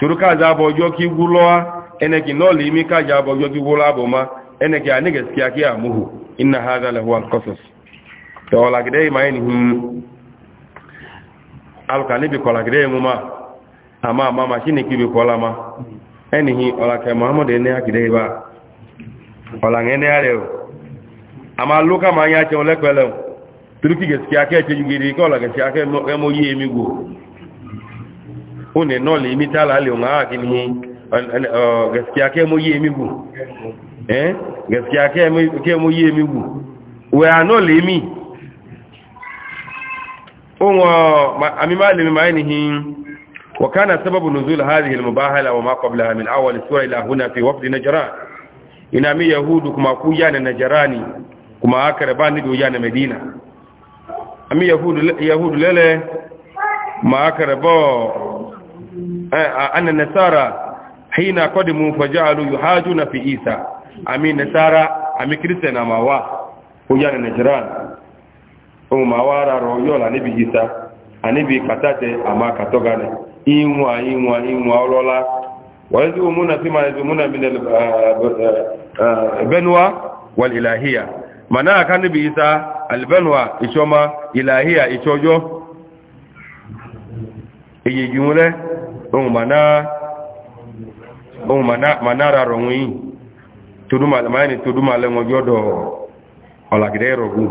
toro kaja abọ ọjọ ka igwu lụa eneki n'ọla imi kaja abọ ọjọ ka igwu lụa bụ ma eneki a nịga esi aka ya amụhụ inna ha adala huwa kọsọs tọọlagide ma enyi hụ alụka n'ibi kọlagide mụ ma ama ama ma chineke bi kọla ma enyi hụ ọlaka muhammadu ene ya gide ba ọla ṅa ene ya reo ama lụka ma anya achọ lekpele turuki ga esi aka eche jugiri ka ọla ke esi aka emoyi emigwo une nole imitala ali ungaaki ni uh, gaskiya ke mu yi migu eh gaskiya ke mu ke mu yi migu we anole mi unwa amimali mimainihi وكان سبب نزول هذه المباهله وما قبلها من اول سوره الى هنا في وفد نجران inami yahudu kuma ku yana najarani kuma aka raba ni do yana medina ami yahudu yahudu lele ma aka raba Eh, anna nasara hina qadimu fajalu yuhajuna fi isa Amin nasara ami kristena mawa oyana najran o mawara ro yola ni bi isa ani bi katate ama katogane inwa inwa inwa olola wayazumuna fima yazumuna min al eh, eh, benwa wal ilahiyya mana kan bi isa al benwa ichoma ilahiyya ichojo eyejiwule ohun mana rárọ̀ wọn yìí tòdúmàlẹ́mọ́ni tòdúmàlẹ́wọ̀n yọ́dọ̀ ọ̀làgìdẹ́ ìrọ̀gù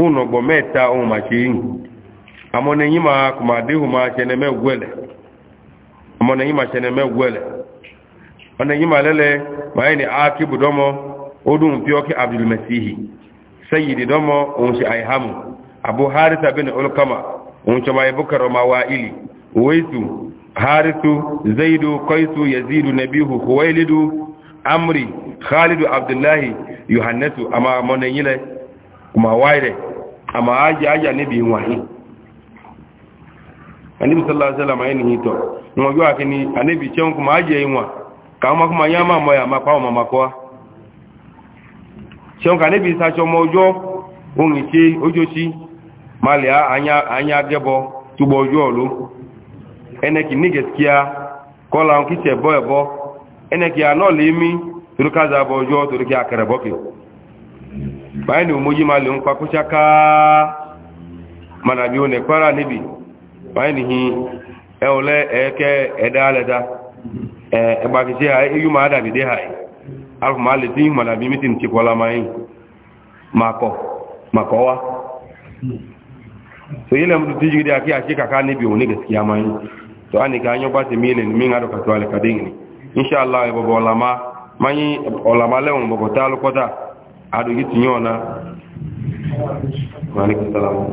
ohun mẹ́ta ohun màṣẹ yìí àmọ́ni yìí kùmà déhùn máa ṣẹlẹ̀ mẹ́gbẹ̀lẹ̀ àmọ́ni ma lẹ́lẹ̀ máa akíbùdọ́mọ́ odun píọ́kí abdulmasihi sayyidi dọ́mọ́ harisu zaidu kaisu yazidu nabihu huwailidu amri khalidu abdullahi yohannesu ama monanyile kuma waire ama aji aja nabi wahi anibi sallallahu alaihi wasallam ayini hito ngojo akini anibi chen kuma aji inwa kama kuma yama moya mapawa mama kwa chen ka nabi sa chomo ojo ungi chi ojo chi mali anya anya gebo tubo ojo lo eneki ni gaskiya kola on kice boye bo eneki ya no limi turuka za bo jo turuki akare boke bayani umuji mali un pakucha ka mana nibi bayani hi eole eke edaleta e e ba kice ai yu ma da bi de hai alfu mali tin mana bi mai mako makowa so yele mu tijigi da ki a ci kaka nibi one gaskiya mai to ani ka nyo bati mile ni minga do katwale kadingi insha Allah e bobo olama manyi olama lewo bobo talo kota adu yiti nyona wa salam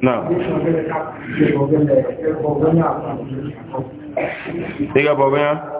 na Diga bobo ya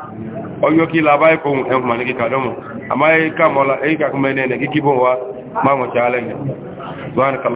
ọjọ́ kí la báyìí kóhun ẹ̀hùn mà ní kíkà dọ́mọ̀ àmá ẹ̀ka mọ́lá ẹ̀ka kúmẹ́ni ẹ̀nà kíkí bọ́ wa máa mọ̀ ṣe alẹ́